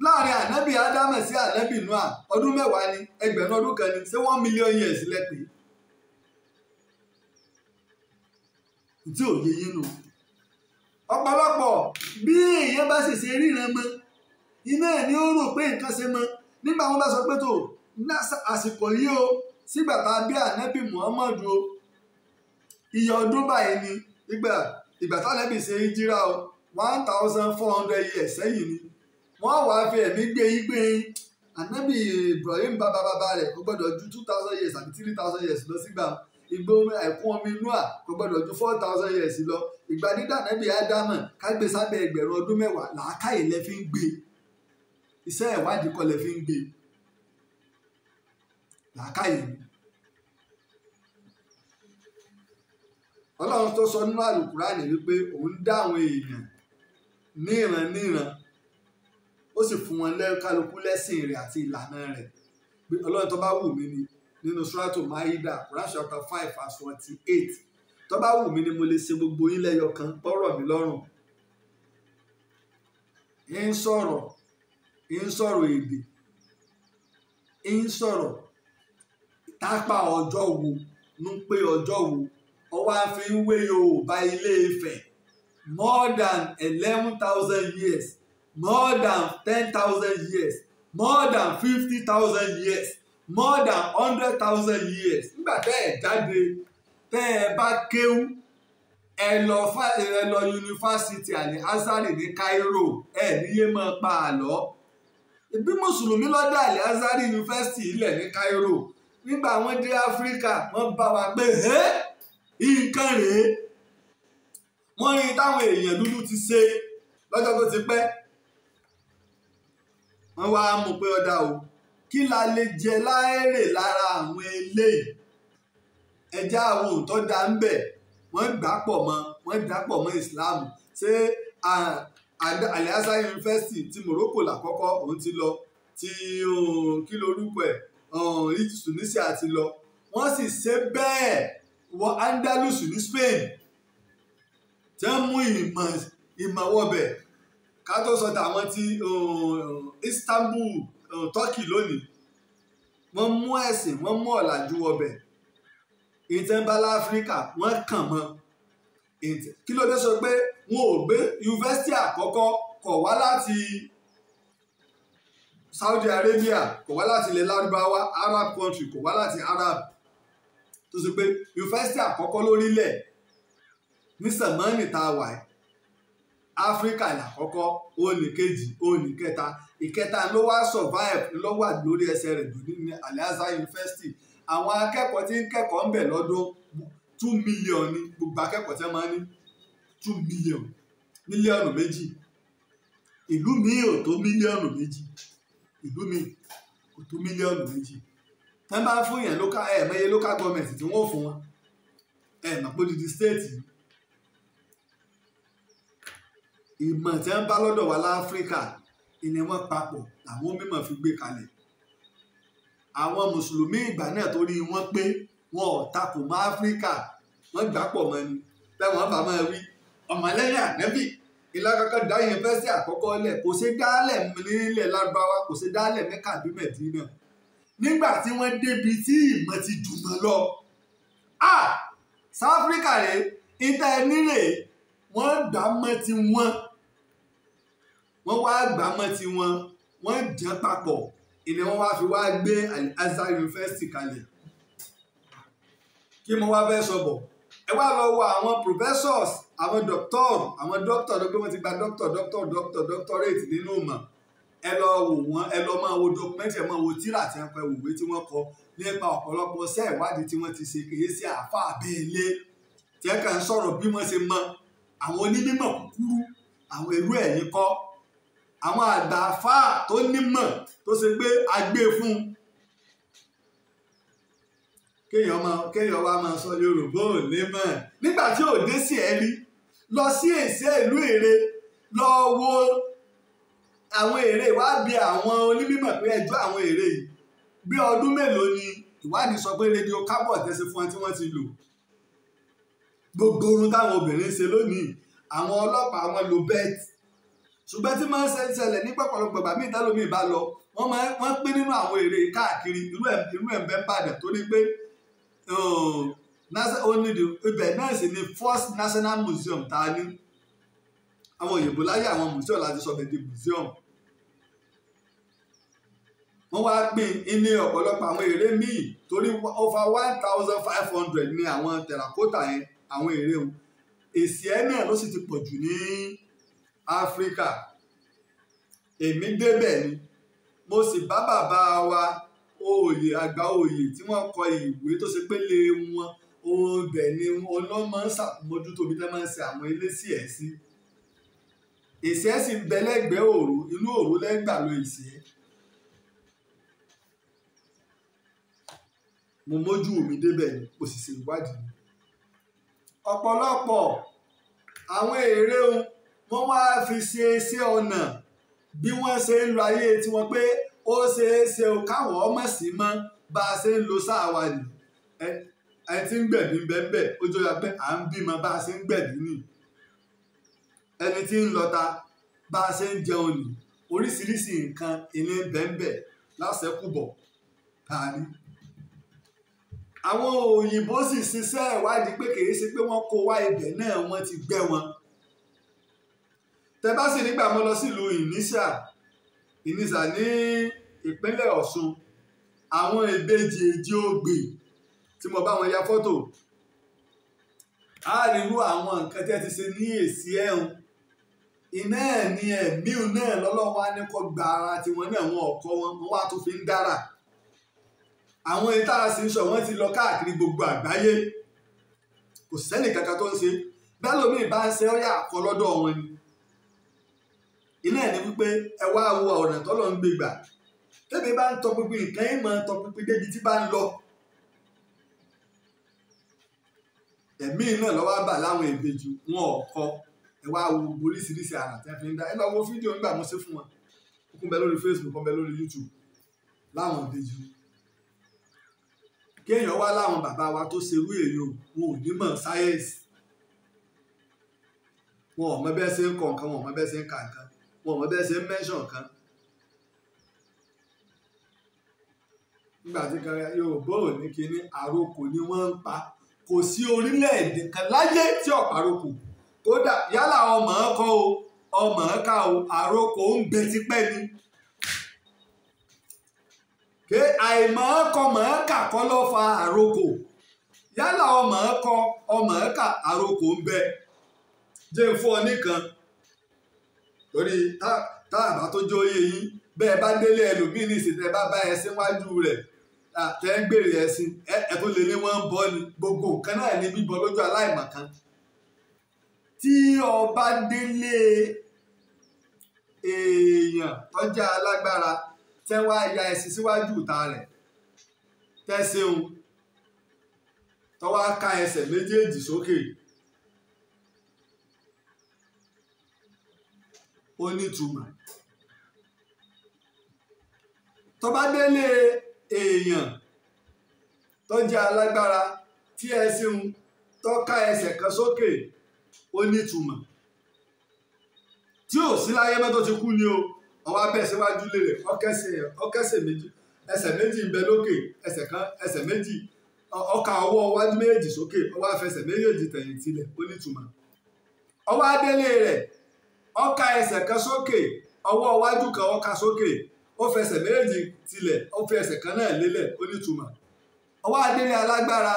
S1: láàrin ànábì ádámà sí ànábì noah ọdún mẹ́wàá ni ẹgbẹ̀rún ọdún kan ni ṣé one million years lẹ́pẹ́ tí ò yé yín nù ọ̀pọ̀lọpọ̀ bí èèyàn bá sì ṣe ríran mọ́ iná ẹ̀ ni ó rò pé nǹkan ṣe mọ́ nígbà wọn bá sọ pé tó àsìkò yìí o sígbà tá a bí ànábì muhammad o iye ọdún báyìí ni ìgbà ìgbà tá ànábì ṣe ń jíra o one thousand four hundred years sẹ́yìn ni wọ́n wàá fi ẹ̀mí gbé yín gbé yín ànábì Ibrahim bàbá bàbá rẹ̀ kò gbọ́dọ̀ ju two thousand years àbí three thousand years lọ sígbà ìgbó ẹ̀kún omi noa kò gbọ́dọ̀ ju four thousand years lọ ìgbà dídà ànábì Ádámù kágbé sábẹ́ ẹgbẹ̀rún ọdún mẹ́wàá làákàyè lẹ fi ń gbé iṣẹ́ ìwádìí kọ́ lẹ fi ń gbé làákàyè ni. ọlọ́run tó sọ nínú àlùkùránì wípé òun dá àwọn èèyàn níran níran ó sì fún wọn kálukú lẹ́sìn rẹ̀ àti ìlànà rẹ̀ pé ọlọ́run tó bá wù mí ni nínú surato maida Quran chapter five verse twenty eight tó bá wù mí ni mo lè ṣe gbogbo yín lẹ́yọ kan pọ́rọ̀ mi lọ́rùn ń sọ̀rọ̀ ń sọ̀rọ̀ èdè ń sọ̀rọ̀ tápà ọjọ́ wo ń pé ọjọ́ wo ọwọ́ àfi ń wé Yorùbá Ilé Ifẹ̀ more than eleven thousand years more than ten thousand years more than fifty thousand years more than hundred thousand years nígbà tẹ́ ẹ̀ jáde tẹ́ ẹ bá kéwú ẹ lọ ẹ lọ yunifásitì àní azari ní Cairo ẹ níyé máa pa àlọ́ bí mùsùlùmí lọ́dọ̀ àlẹ́ azari yunifásitì ilẹ̀ ní Cairo nígbà wọ́n dé Áfíríkà wọ́n bá wa pé nǹkan rèé wọ́n rí táwọn èèyàn dúdú ti ṣe lọ́jọ́ tó ti pẹ́ wọ́n wá mú pé ọ̀dà o kí la lè jẹ láèrè lára àwọn eléyìí ẹja àwọn òótọ́ da ń bẹ̀ wọ́n gbà pọ̀ mọ́ wọ́n dà pọ̀ mọ́ Islam ṣé Al-Azhar University ti Morocco làkọ́kọ́ òun ti lọ ti kí lorúkọ ẹ̀ egypt tunisia ti lọ wọ́n sì ṣe bẹ́ẹ̀ wọ Andalus ní Spain tẹ́ mú ìmọ̀ ìmọ̀ ká tó sọ tàwọn ti Istanbul Turkey lónìí wọ́n mú ẹ̀sìn wọ́n mú ọ̀làjú ọbẹ̀ ìtẹ́nbálá Áfíríkà wọ́n kàn mọ́ kí ló dé sọ pé wọn ò gbé yunifásitì àkọ́kọ́ kọ̀ wá láti Saudi Arabia kọ̀ wá láti ilẹ̀ Lárúbáwá Arab country kọ̀ wá láti Arab tó sọ pé yunifásitì àkọ́kọ́ lórílẹ̀ ní sàmánì tá a wà yìí áfíríkà làkọ́kọ́ òní kejì òní kẹta ìkẹta ló wá survive ló wà lórí ẹsẹ̀ rẹ̀ dòní ní Al-Azhar University àwọn akẹ́kọ̀ọ́ tí ń kẹ́kọ̀ọ́ ń bẹ̀ lọ́dún two million ni gbogbo akẹ́kọ̀ọ́ tẹ́ máa ń ní two million mílíọ̀nù méjì ìlú míì ò tó mílíọ̀nù méjì ìlú míì kò tó mílíọ̀nù méjì tẹ́ bá fún yẹn ẹ̀ẹ̀mẹ́yẹ local government tí wọ́n fún wọn ẹ̀ẹ̀mọ̀ pé odidi state yìí ìmọ̀ tí wọ́n bá lọ́dọ̀ wa láfíríkà ni wọ́n papọ̀ làwọn mímọ̀ fi gbé kalẹ̀ àwọn mùsùlùmí ìgbà náà torí wọ́n pé wọn ò takò mọ́ áfíríkà wọ́n gbà pọ̀ mọ́ ni táwọn bá máa wí ọmọlẹ́yìn ànẹ́bì ìlàkọ̀kọ̀ dá yunifásitì àkọ́kọ́ lẹ̀ kò ṣe dálẹ̀ nílẹ̀ lárúbáwá kò ṣe dálẹ̀ mẹ́kà bí mẹ́dínà nígbà tí wọ́n débi tí ìmọ̀ ti dùnmọ̀ lọ ah south africa rèé ìtẹ́ nílẹ̀ wọ́n gbà mọ́ ti wọ́n wọ́n wá gbà mọ́ tiwọn wọ́n jẹ́ papọ̀ ìní wọ́n wá fi wá gbé Al-Azhar University kalẹ̀ kí mo wá fẹ́ sọ bọ̀ ẹ wá lọ wo àwọn professors àwọn doctor àwọn doctor ló pé wọ́n ti gba doctor doctor doctor doctorate nínú ìmọ̀ ẹ lọ wò wọ́n ẹ lọ máa wo documentary ẹ máa wo tírà àti ẹ̀kọ́ ìwé tí wọ́n kọ nípa ọ̀pọ̀lọpọ̀ ṣẹ́ ìwádìí tí wọ́n ti ṣe kìí sí àáfàá abẹ́ẹ̀lé tí ẹ kàn ń sọ̀rọ̀ bí wọ́n ṣe mọ àwọn onímọ̀ kúkúrú àwọn èrú ẹ̀yìn kọ́ àwọn àgbà àfáà tó nímọ̀ tó ṣe pé a gbé e fún kéèyàn máa kéèyàn wá máa sọ yorùbá ò nímọ̀ nígbà tí ò dé sí ẹ rí lọ sí èsì ìlú èrè lọ wo àwọn èrè wá bí àwọn onímọ̀ pé ẹjọ́ àwọn èrè yìí bí ọdún mélòó ni ìwádìí sọ pé rédíò kábọ̀ tẹ́sí fún ẹ tí wọ́n ti lò gbogbo orun táwọn obìnrin ṣe lónìí àwọn ọlọ́pàá wọn lo bẹ́ẹ̀tì ṣùgbọ́n tí máa ń ṣẹlẹ̀ ní pọ̀pọ̀lọpọ̀ ìgbà míì tẹ́lómi ìbá lọ wọ́n máa wọ́n pín nínú àwọn èrè káàkiri irú ẹ̀ irú ẹ̀ bẹ́ẹ̀ bàdàn tó ní pé um, ibẹ̀ náà sì ni first national museum ta ní àwọn òyìnbó láyé àwọn museum láti sọ bẹ̀ẹ́ di museum wọ́n wá pín in ọ̀pọ̀lọpọ̀ àwọn èrè míì torí over one thousand five hundred ní àwọn terracotta yẹn àwọn èrè wọn èsì ẹ̀ náà ló sì ti pọ̀ jù ní áfíríkà èmi débẹ̀ ni mo sì bá bàbá wa oyè àgbà oyè tí wọ́n kọ ìwé tó ṣe pé lé wọn ohun ibẹ̀ ni ọlọ́mọ ń ṣàmójútó bí tẹ́ máa ń ṣe àwọn ilé sí ẹ̀ sí èsì ẹ̀ sì ń bẹ lẹ́gbẹ̀ẹ́ òru inú òru lẹ́gbà lo èsì ẹ̀ mo mójú mi débẹ̀ ni kò sì ṣe ìwádìí ọ̀pọ̀lọpọ̀ àwọn èrè ohun wọ́n wá fi ṣe iṣẹ́ ọ̀nà bí wọ́n ṣe ń lo ayé tiwọn pé ó ṣeé ṣe o káwọn ọmọ sí mọ́ bá a ṣe ń lo sáà wa nì ẹ ti ń gbẹ̀bí bẹ́ẹ̀ ojú ọ̀yà pé à ń bímọ bá a ṣe ń gbẹ̀bí nì ẹni tí ń lọta bá a ṣe ń jẹun nì oríṣiríṣi nǹkan ìní bẹ́ẹ̀ lásẹ̀kùbọ̀ tààrí. àwọn òyìnbó sì ṣiṣẹ́ ìwádìí pé kì í ṣe pé wọ́n kó wá ibẹ̀ náà wọ́n ti gbẹ́ wọn tẹ bá sì nígbà mo lọ sílùú ìníṣà ìníṣà ní ìpínlẹ̀ Ọ̀ṣun àwọn ìbejì èjì ògbè tí mo bá wọn ya fọ́tò á rí irú àwọn nǹkan tí ẹ ti ṣe ní èsì ẹ̀hún iná ẹ̀ ní ẹ̀mí náà lọ́lọ́wọ́ á ní kó gba ara tiwọn náà wọn ọ̀kọ́ wọn wọn wá tó fi ń dára àwọn ìtara sì ń sọ wọn ti lọ káàkiri gbogbo àgbáyé kò sẹ́nì kankan tó ń ṣe bẹ́ẹ̀ lómi ìbá ń ṣe ọ́ yà lọ́dọ̀ wọn ni iná ẹ̀ ni wípé ẹ wá wo ọ̀nà tọ́lọ̀ ń gbé gbà tẹ́mi bá ń tọpinpin nǹkan ẹ̀ máa ń tọpinpin débi tí bá ń lọ. ẹ̀mí náà lọ́wọ́ bà láwọn ìbejì wọn ọ̀kọ ẹ wá wo oríṣiríṣi àrà tí a fi ń dá ẹ lọ fídíò nígbà mo ṣe fún wọn ó kún bẹ lórí Facebook kún bẹ lórí YouTube láwọn ìbejì kéèyàn wá láwọn bàbá wa tó ṣerú èèyàn wọn ò ní mọ̀ sáyẹ́ǹsì wọn ò mọ bẹ́ẹ̀ ṣe ń kọ nǹkan wọn ò mọ bẹ́ẹ̀ ṣe ń kà nǹkan wọn mọ bẹ́ẹ̀ ṣe ń mẹ́ṣàn kan nígbà tí kan Yorùbá ò ní kíní àrokò ni wọ́n ń pa kò sí orílẹ̀-èdè kan láyé tí ọ̀pá àrokò kódà yálà ọmọ ọkọ o ọmọ ọkà o àrokò ń bẹ tipẹ́ ni ké àìmọ̀ ọkọ mọ̀ ọkà kọ́ ló fa àrokò yálà ọmọ ọkọ ọmọ ọkà àrokò ń bẹ jẹ́ fún ọ nìkan torí tá àbá tó jó yé yín bẹ́ẹ̀ bá délé ẹlòmíín ní ìsìn tẹ́ bá bá ẹsìn wájú rẹ̀ tẹ́ ń gbèrè ẹsìn ẹ tó lè ní wọ́n ń bọ́ ni gbogbo nǹkan náà ní bíbọ lójú aláìmọ̀kan tí ọba délé èèyàn tọ́jà alágbára tẹ́ wá ya ẹsìn síwájú ìta rẹ̀ tẹ́ ṣeun tọ́wọ́ ká ẹsẹ̀ méjèèjì sókè. Okay onítùmọ̀ tó bá délé èèyàn tó jẹ́ alágbára tí ẹṣin tó ká ẹsẹ̀ kan sókè onítùmọ̀ tí ò sí láyé mọ́tò ti kú ni o ọwọ́ abẹ́ lè rẹ̀ ọkẹ́sẹ̀ méjì ẹsẹ̀ méjì ń bẹ lókè ẹsẹ̀ kan ẹsẹ̀ méjì ọkà ọwọ́ wájú sókè ọwọ́ afẹsẹ̀ tẹ̀yìn tilẹ̀ onítùmọ̀ ọwọ́ rẹ̀ Ọka ka ẹsẹ̀ kan sókè ọwọ́ iwájú kan ó sókè ó fẹsẹ̀ méjì tilẹ̀ ó fi ẹsẹ̀ kan náà lélẹ̀ ó nítumọ̀ ọwọ́ adélé alágbára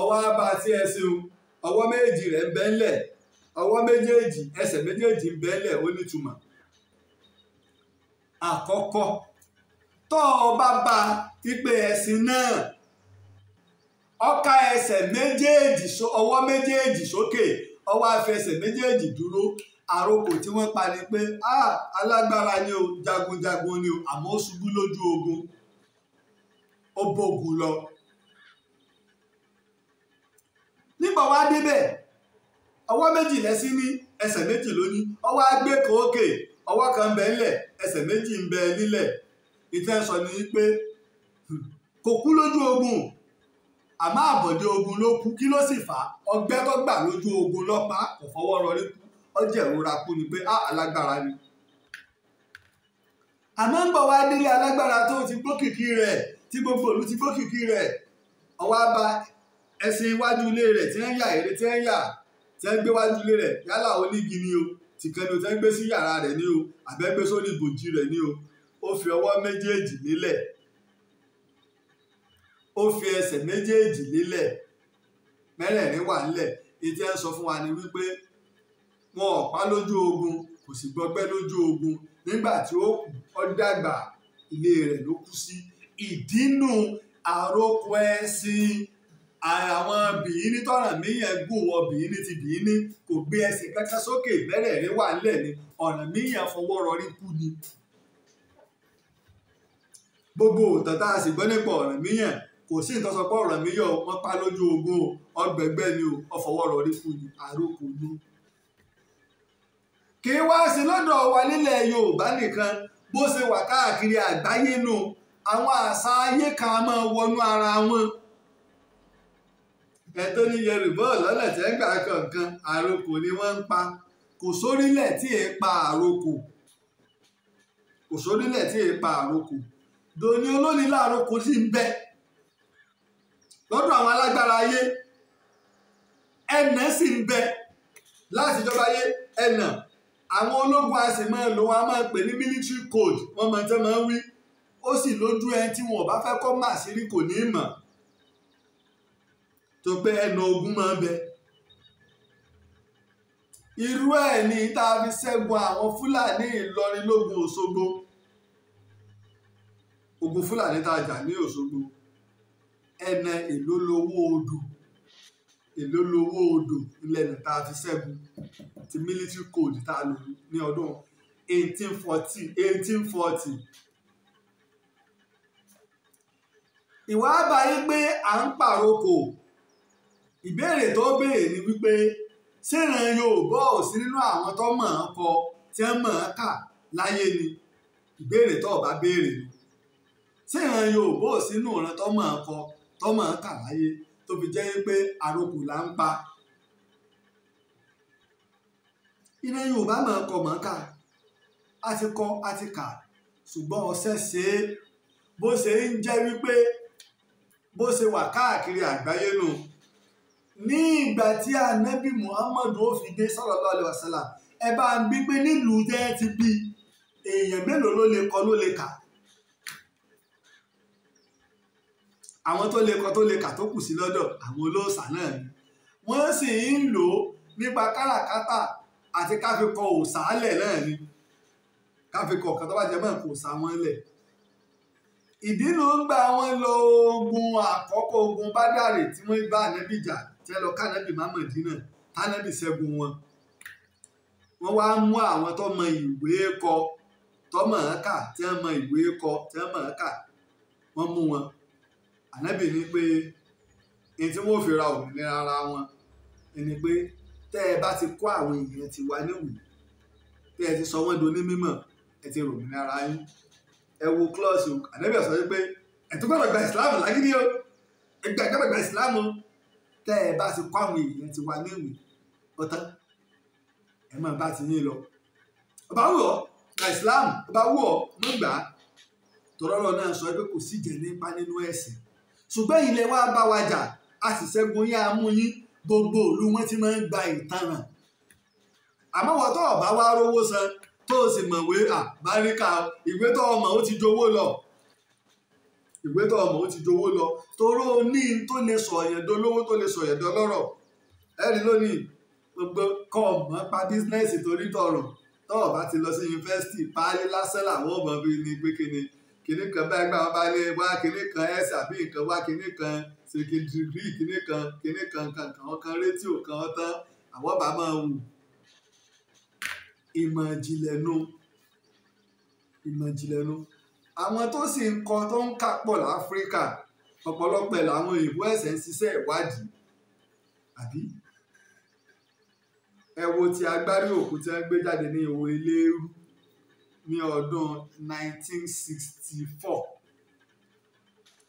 S1: ọwọ́ abá tí ẹ ṣeun ọwọ́ méjì rẹ̀ ń bẹ́ńlẹ̀ ọwọ́ méjèèjì ẹsẹ̀ méjèèjì ń bẹ́ńlẹ̀ ó nítumọ̀ àkọ́kọ́ tọ́ ọ bá ba pípé ẹ̀sìn náà ọka ẹsẹ̀ méjèèjì ọwọ́ méjèèjì sókè ọwọ́ afẹsẹ̀ méjèèjì dúró àrokò tí wọ́n pa ni pé alágbára ni o jagunjagun ni o àmọ́ ó ṣubú lójú ogun ó bògùn lọ. nígbà wá débẹ̀ ọwọ́ méjì lẹ́sí ní ẹsẹ̀ méjì lóní ọwọ́ agbé kòókè ọwọ́ kan bẹ nílẹ̀ ẹsẹ̀ méjì ń bẹ nílẹ̀ ìtẹ́sọ ni pé hmm, kò kú lójú ogun àmọ́ àbọ̀dé ogun ló kú kí ló sì fà ọgbẹ́ tó gbà lójú ogun lọ́pàá kò fọwọ́ rọrí kú ọjọ́ ìrora kú ni pé ah, alágbára ni
S2: àmọ́ ń bọ̀ wá délé alágbára
S1: tó ti gbókìkí rẹ̀ tí gbogbo ìlú ti gbókìkí rẹ̀ ọwọ́ bá ẹsẹ̀ iwájú ilé rẹ̀ tí ń yà èrè tí ń yà tí ń gbé wájú ilé rẹ̀ yálà onígi ni o tìkẹ́ni o tí ń gbé sí yàrá rẹ̀ ni o àbẹ́gbé sórí ìbòjì rẹ̀ ni o ó fi ọwọ́ méjèèjì lélẹ̀ ó fi ẹsẹ̀ méjèèjì lélẹ̀ mẹ́rẹ̀ẹ̀rin wà nílẹ̀ ètí ẹ̀ ń sọ fún wa ni wípé wọn ò pa lójú ogun kò sì gbọgbẹ́ lójú ogun nígbà tí ó kú ó dàgbà ilé rẹ̀ ló kú sí ìdínú àròkọ ẹ̀sìn àwọn bìíní tọ́nà míyàn gùn wọ bìíní ti bìíní kò gbé ẹsẹ̀ kankan sókè bẹ́rẹ̀ rí wà nílẹ̀ ni ọ̀nà míyàn fọwọ́ rọrí kú ni gbogbo òtàn tá a sì gbọ́ nípa ọ̀ràn míyàn kò sí ìtọ́sọpọ̀ ọ̀ràn míyàn wọ́n pa lójú ogun ọgbẹ̀gbẹ́ ni o ọ̀fọwọ́rọ̀ orí fún ni àròkò ní. kì í wá sí lọ́dọ̀ wa nílẹ̀ Yorùbá nìkan bó ṣe wà káàkiri àgbáyé nù àwọn àṣà ayé kan á máa wọnú ara wọn ẹ tó ní Yorùbá lọ́lẹ̀ tẹ́ ń gbà kankan àrokò ni wọ́n ń pa kò sórílẹ̀ tí èé pa àròkò. kò sórílẹ̀ tí èé pa àrokò dòní olónìí làrokò sí ń bẹ lọ́dọ̀ àwọn alágbára ayé ẹnà sì ń bẹ láti ìjọba ayé ẹnà àwọn ológun a sì máa lò wọn a máa pè ní military code wọn máa tẹ́ máa ń wí ó sì lójú ẹ tí wọn ò bá fẹ́ kọ́ mà sírí kò ní mọ̀ tó pé ẹnà ogun máa bẹ irú ẹ̀ ni tá a fi ṣẹ́gun àwọn fúlàní ìlọrin lógun òṣogbo ogun fúlàní tá a jà ní òṣogbo ẹnà èlò odò èló lowó odò ilẹ̀ nù tá a fi ṣẹ́gun military code tá a lò ní ọdún eighteen forty eighteen forty. ìwà àbáyé pé à ń pàrokò ìbéèrè tó béèrè ni wípé ṣèràn Yorùbá ò sí nínú àwọn tó mọ̀ ọ́n kọ tí wọ́n mọ̀ ọ́n kà láyé ni ìbéèrè tó ọba béèrè ni ṣèràn Yorùbá ò sínú ìran tó mọ̀ ọ́n kọ tó mọ̀ ọ́n kà láyé ni tó jẹ́ pé àrokò là ń pa ilẹ̀ yorùbá máa kọ mọ́ká a ti kọ a ti kà ṣùgbọ́n ọ̀sẹ̀ ṣe é bó ṣe ń jẹ́ wípé bó ṣe wà káàkiri àgbáyé nù ní ìgbà tí anabi muhammadu ó fi dé sallallahu alaihi wasallam ẹ bá ń bí pé nílùú jẹ́ ti bí èèyàn mélòó ló lè kọ ló lè kà àwọn tó lè kọ tó lè kà tó kù sí lọ́dọ̀ àwọn olóòṣà náà ni wọ́n sì ń lò ó nípa káràkátà àti káfíkọ òsàálẹ̀ náà ni káfíkọ ọ̀kan tó bá jẹ mọ́ kò sá wọn lẹ̀ ìdí ló ń gba wọn lọ ogun àkọ́kọ́ ogun bádàrè tí wọ́n bá ànábì jà tí wọ́n lọ kánábì mámọ̀dínà tánábì ṣẹ́gun wọn wọ́n wá mú àwọn tó mọ ìwé kọ tó mọ̀ tí wọ́n mọ ìwé kọ tí wọ́n mọ̀ ọ́n kà mú wọn ànábì ní pé ní tí wọ́n fi ra òmìnira ara wọn ni pé tẹ́ ẹ bá ti kó àwọn èèyàn ti wá níwù tẹ́ ẹ ti sọ wọ́n do ní mímọ̀ ẹ ti ròmìnira ara yín ẹ wo klọ́ọ̀sì ànábì sọ pé ẹ̀tún gbọ́dọ̀ gba islam lágídí o ẹgbẹ́ gbọ́dọ̀ gba islam o tẹ́ ẹ bá ti kó àwọn èèyàn ti wá níwù ọ̀tán ẹ máa bá ti yín lọ ọba wù gba islam ọba wù ọ́ mọ́ gbà á tọ́lọ́lọ́ náà sọ pé kò síjẹ nípa nínú ẹ̀sìn ṣùgbọ́n ilẹ̀ wa bá wa jà a sì ṣẹ́gun yín amúyín gbogbo ìlú wọn ti máa ń gba ìtanràn àmọ́ wọ́n tó ọ̀bá wa rówó san tó o sì mọ̀wé àbáríkà ìwé tó ọmọ ó ti jowó lọ ìwé tó ọmọ ó ti jowó lọ toró ní tó lè sọ̀yàn dolówó tó lè sọ̀yàn dọlọ́rọ̀ ẹ̀rí lónìí gbogbo kọ́ ọ̀mọ́ pa bísínẹ́sì torí tọrọ tọ́ọ̀ bá ti lọ sí yunifásitì páálí lásán làwọn ọmọ bíi ní gbékene kìnní kan báyìí gbà wọn bá lé wá kìnní kan ẹsẹ àbí nǹkan wá kìnní kan sèkìdìrí kìnní kan kìnní kan kankan kan rétíò kan tán àwọn bá máa wù ìmọ̀ ìjìnlẹ̀ nu ìmọ̀ ìjìnlẹ̀ nu àwọn tó sì ń kọ tó ń kà pọ̀ láfíríkà ọ̀pọ̀lọpọ̀ làwọn òyìnbó ẹ̀sẹ̀ ń ṣiṣẹ́ ìwádìí àbí ẹ wo ti agbárí òkú tí wọ́n gbé jáde ní ìwo eléérú ní ọdún 1964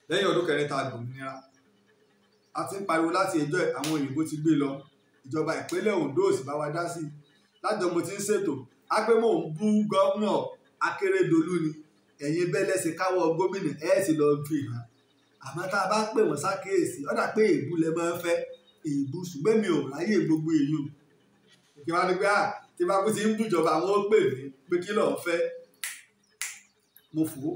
S1: lẹ́yìn ọdún kẹrin ta gbòmìnira a ti ń pariwo láti ẹjọ́ àwọn òyìnbó ti gbé lọ ìjọba ìpínlẹ̀ Ondo ò sì bá wa dá sí i lájọ mo ti ń ṣètò á pé mò ń bú gómìnà Akérèdọ́lù ni ẹ̀yin bẹ́lẹ̀ ṣe káwọ́ gómìnà ẹ̀ sì lọ fi hàn àmọ́ tá a bá pè wọ́n sákèésì ọ̀dà pé èébú lẹ máa ń fẹ́ èébú ṣùgbọ́n mi ò ráyè gbogbo èèyàn òkè wa ni pé à tí bá kú ti ń dùjọba wọn ó pè mí pé kí ló ń fẹ́ mo fò ó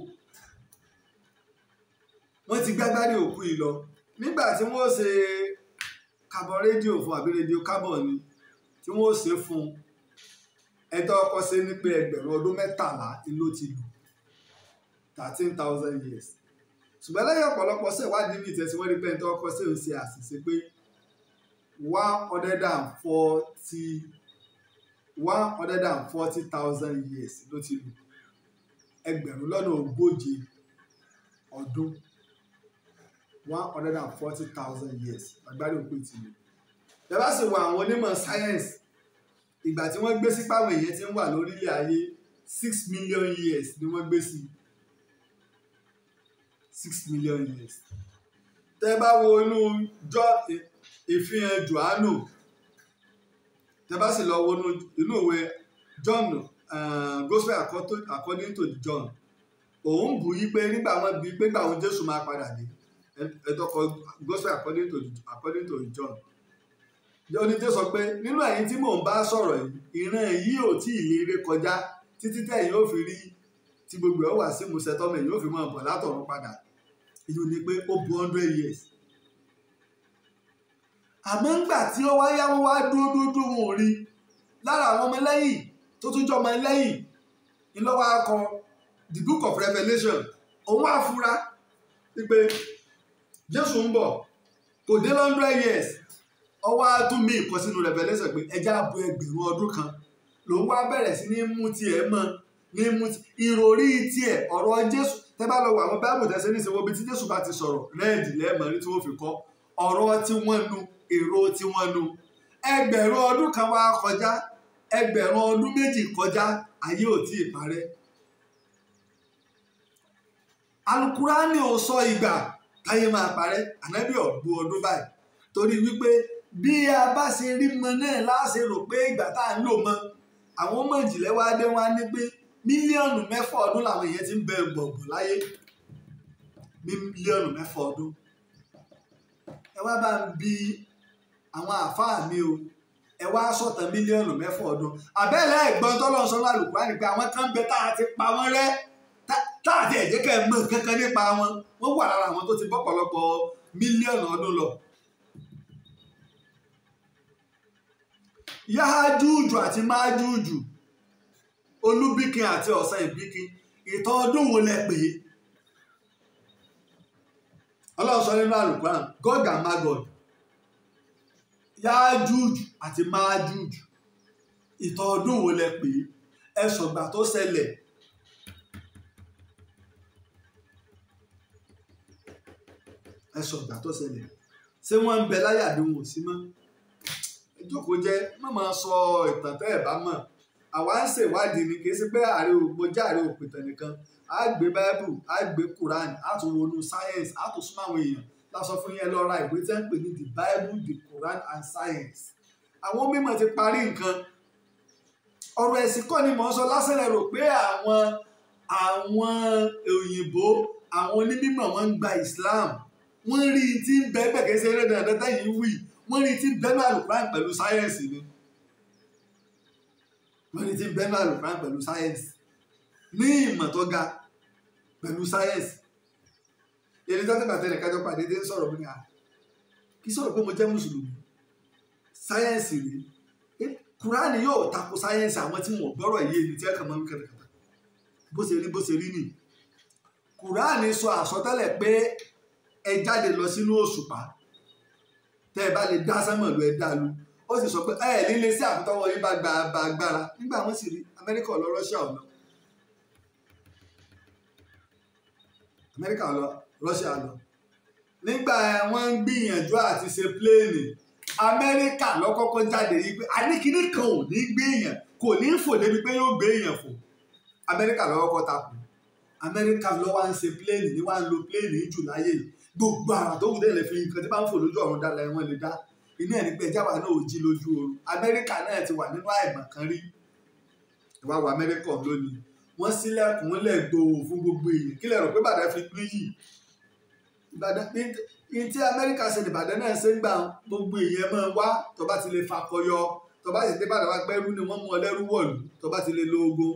S1: wọ́n ti gbágbárí òkú yìí lọ nígbà tí wọ́n ṣe kábọ̀ rédíò fún àbí rédíò kábọ̀ ni tí wọ́n ṣe fún ẹ̀tọ́ ọkọ ṣe ní pé ẹgbẹ̀rún ọdún mẹ́tàlá ló ti lù thirteen thousand years ṣùgbọ́n lẹ́yìn ọ̀pọ̀lọpọ̀ ṣe ìwádìí mi tẹ̀sí wọ́n rí pé ẹ̀tọ́ ọkọ ṣe ń ṣe àṣìṣe pé one hundred and forty one hundred and forty thousand years ló ti lò ẹgbẹ̀rún lọ́nà ogóje ọdún one hundred and forty thousand years agbárí òkú ti lò bẹ́ẹ̀ bá sì wọ àwọn onímọ̀ sáyẹ́ǹsì ìgbà tí wọ́n gbé sí páwọn èèyàn ti ń wà lórílẹ̀ ayé six million years ni wọ́n gbé sí six million years tẹ́ bá wo inú jọ ìfihàn johannu tẹ́bá sì lọ wo inú ìwé John uh, gospel according to John òun bù yí pé nígbà wọn bí pé gbà wọn Jésù máa padà dé ẹtọkọ gospel according to according to John oníjẹ sọ pé nínú ẹ̀yin tí mò ń bá sọ̀rọ̀ yìí ìran yìí ò tí ì lérè kọjá títí tẹ̀yin ó fi rí tí gbogbo ẹ̀ wà sí musẹ tọmọ ẹ̀yin ó fi mọ ọbọ látọ̀run padà ìyún ni pé ó bu hundred years àmọ́ ńgbà tí ó wáyá wọn wá dúró dúró dúró wọn ò rí lára àwọn ọmọ lẹ́yìn tó tún jọ ọmọ lẹ́yìn ńlọ́wọ́ akọ the book of Revelation òun wá fura pé Jésù ń bọ̀ kò dé hundred years ọwọ́ atún mi ìkọ́ sínú Revelation pé ẹja bo ẹgbẹ̀rún ọdún kan lòun wá bẹ̀rẹ̀ sí ní mú tiẹ̀ mọ́ ní mú ìròrí tiẹ̀ ọ̀rọ̀ Jésù tẹ́ bá lọ wọ àwọn báàbù tẹ́sẹ̀ ní ìṣèwọ́ bí tí Jésù bá ti sọ̀rọ̀ rẹ́ẹ̀dì lẹ́ẹ̀mọ́rí tí wọ́n fi kọ́ ọ̀rọ̀ tí wọ́n nu èrò tiwọn nu ẹgbẹ̀rún ọdún kan wá kọjá ẹgbẹ̀rún ọdún méjì kọjá ayé ò tí ì parẹ́ alukurani ò sọ ìgbà táyé máa parẹ́ ànábì ọ̀gbù ọdún báyìí torí wípé bí a bá ṣe rí mọ náà láṣẹ rò pé ìgbà tá à ń lò mọ àwọn ọmọ ìjìnlẹ̀ wa dé wá ní pé mílíọ̀nù mẹ́fà ọdún làwọn èèyàn ti ń bẹ gbọ̀ngbọ̀n láyé mílíọ̀nù mẹ́fà ọdún ẹ wá bá ń bi àwọn àáfàá mi o ẹ wá sọ̀tàn mílíọ̀nù mẹ́fà ọdún àbẹ́lẹ̀ ẹ̀gbọ́n tọ́lọ́ sọ lálùkù á ní pé àwọn kan bẹ tá a ti pa wọ́n rẹ́ tá a ti ẹ̀jẹ̀ kẹ́ ẹ̀ mọ̀ kankan nípa wọn wọ́n wà lára àwọn tó ti bọ́pọ̀lọpọ̀ mílíọ̀nù ọdún lọ. Yáhájúùjù àti Májúùjù Olúbíkin àti Ọ̀sán Ìbíkin ìtàn ọdún wo lẹ pè é ọlọ́run sọ nínú àlùkò náà God and my yájújù àti májújù ìtàn ọdún wo lẹ pè é ẹsùn ìgbà tó ṣẹlẹ̀ ẹsùn ìgbà tó ṣẹlẹ̀ ṣé wọ́n ń bẹ láyà bí wọn ò sí mọ́ ìjókòó jẹ́ má máa sọ ìtàn tẹ́ ẹ̀ bá mọ̀ àwa ń ṣèwádìí ni kì í ṣe pé ààrẹ ògbójá ààrẹ òpìtàn nìkan á gbé báíbù á gbé kúránì á tún wọnú sáyẹ́ǹsì àwọn èèyàn la sọ fún yín ẹ lọ ra ìwé tí wọ́n ń pè ní the bible the quran and science àwọn mímọ̀ ti parí nǹkan ọ̀rọ̀ ẹ̀sìn kọ́ ni mò ń sọ lásán ẹ rò pé àwọn àwọn òyìnbó àwọn onímọ̀ wọn ń gba islam wọ́n rí i tí ń bẹ́ẹ̀ bẹ́ẹ̀ kẹ́sẹ́ rẹ̀ dáadáa yìí wì wọ́n rí i tí ń bẹ́ẹ̀ máa lò pàrọ̀ pẹ̀lú sáyẹ́ǹsì ni wọ́n rí i tí ń bẹ́ẹ̀ máa lò pàrọ̀ pẹ̀lú sáyẹ́ǹsì ní ìmọ̀ tó ga pẹ̀lú sáyẹ́ǹsì èdè tó tẹ̀gbà tẹ̀lẹ̀ kájọ pàdé dé ń sọ̀rọ̀ bí nà kí sọ̀rọ̀ pé mo jẹ́ mùsùlùmí sáyẹ́ǹsì rèé kúránì yóò tako sáyẹ́ǹsì àwọn tí wọn gbọ́rọ̀ yé ni tí ẹ kàn máa ń kẹ̀kẹ̀kẹ̀ bó ṣe rí bó ṣe rí nì kúránì sọ àsọtẹ́lẹ̀ pé ẹ jáde lọ sínú òṣùpá tẹ́ ẹ bá lè dá sámọ̀lú ẹ dá lu ó sì sọ pé ẹ líle sí àfitọ́wọ́ yín bá gba agbára nígbà wọn sì rí amẹ́ríkà ọ̀lọ́ rọ́ṣíà ọ̀lọ́ amẹ́ríkà ọ̀lọ́ Russia lọ nígbà wọ́n ń gbìyànjú àti ṣe pléènì Amẹ́ríkà lọ́kọ́kọ́ jáde yìí pé aníkíní kan ò ní gbéèyàn kò ní fò débi pé yóò gbéèyàn fò Amẹ́ríkà lọ́kọ́kọ́ takò Amẹ́ríkà ló wá ń ṣe pléènì ní wá ń lo pléènì jù láyé gbogbo àrà tó kù dé lè fi nǹkan tí bá ń fò lójú ọ̀run dára ẹ̀wọ̀n lè dá iná ẹ̀ ní pé ẹjáwá náà ò jí lójú oorun Amẹ́ríkà náà ti wà nínú àìmọ̀ kan rí ìwà wà Amẹ́ríkà lónìí wọ́n sílẹ̀kùn lẹ̀ fún gbogbo èèyàn kílẹ̀ rò pé bàdá fi gbé yìí ìbàdàn ní tí amẹ́ríkà ṣe ìbàdàn náà ṣe ń gbà gbogbo èèyàn máa wá tó bá ti lè fakọyọ tó bá sì dé bàdàn wá pẹ́rú ni wọ́n mú ọ lẹ́rú wọ̀lú tó bá ti lè lo ogun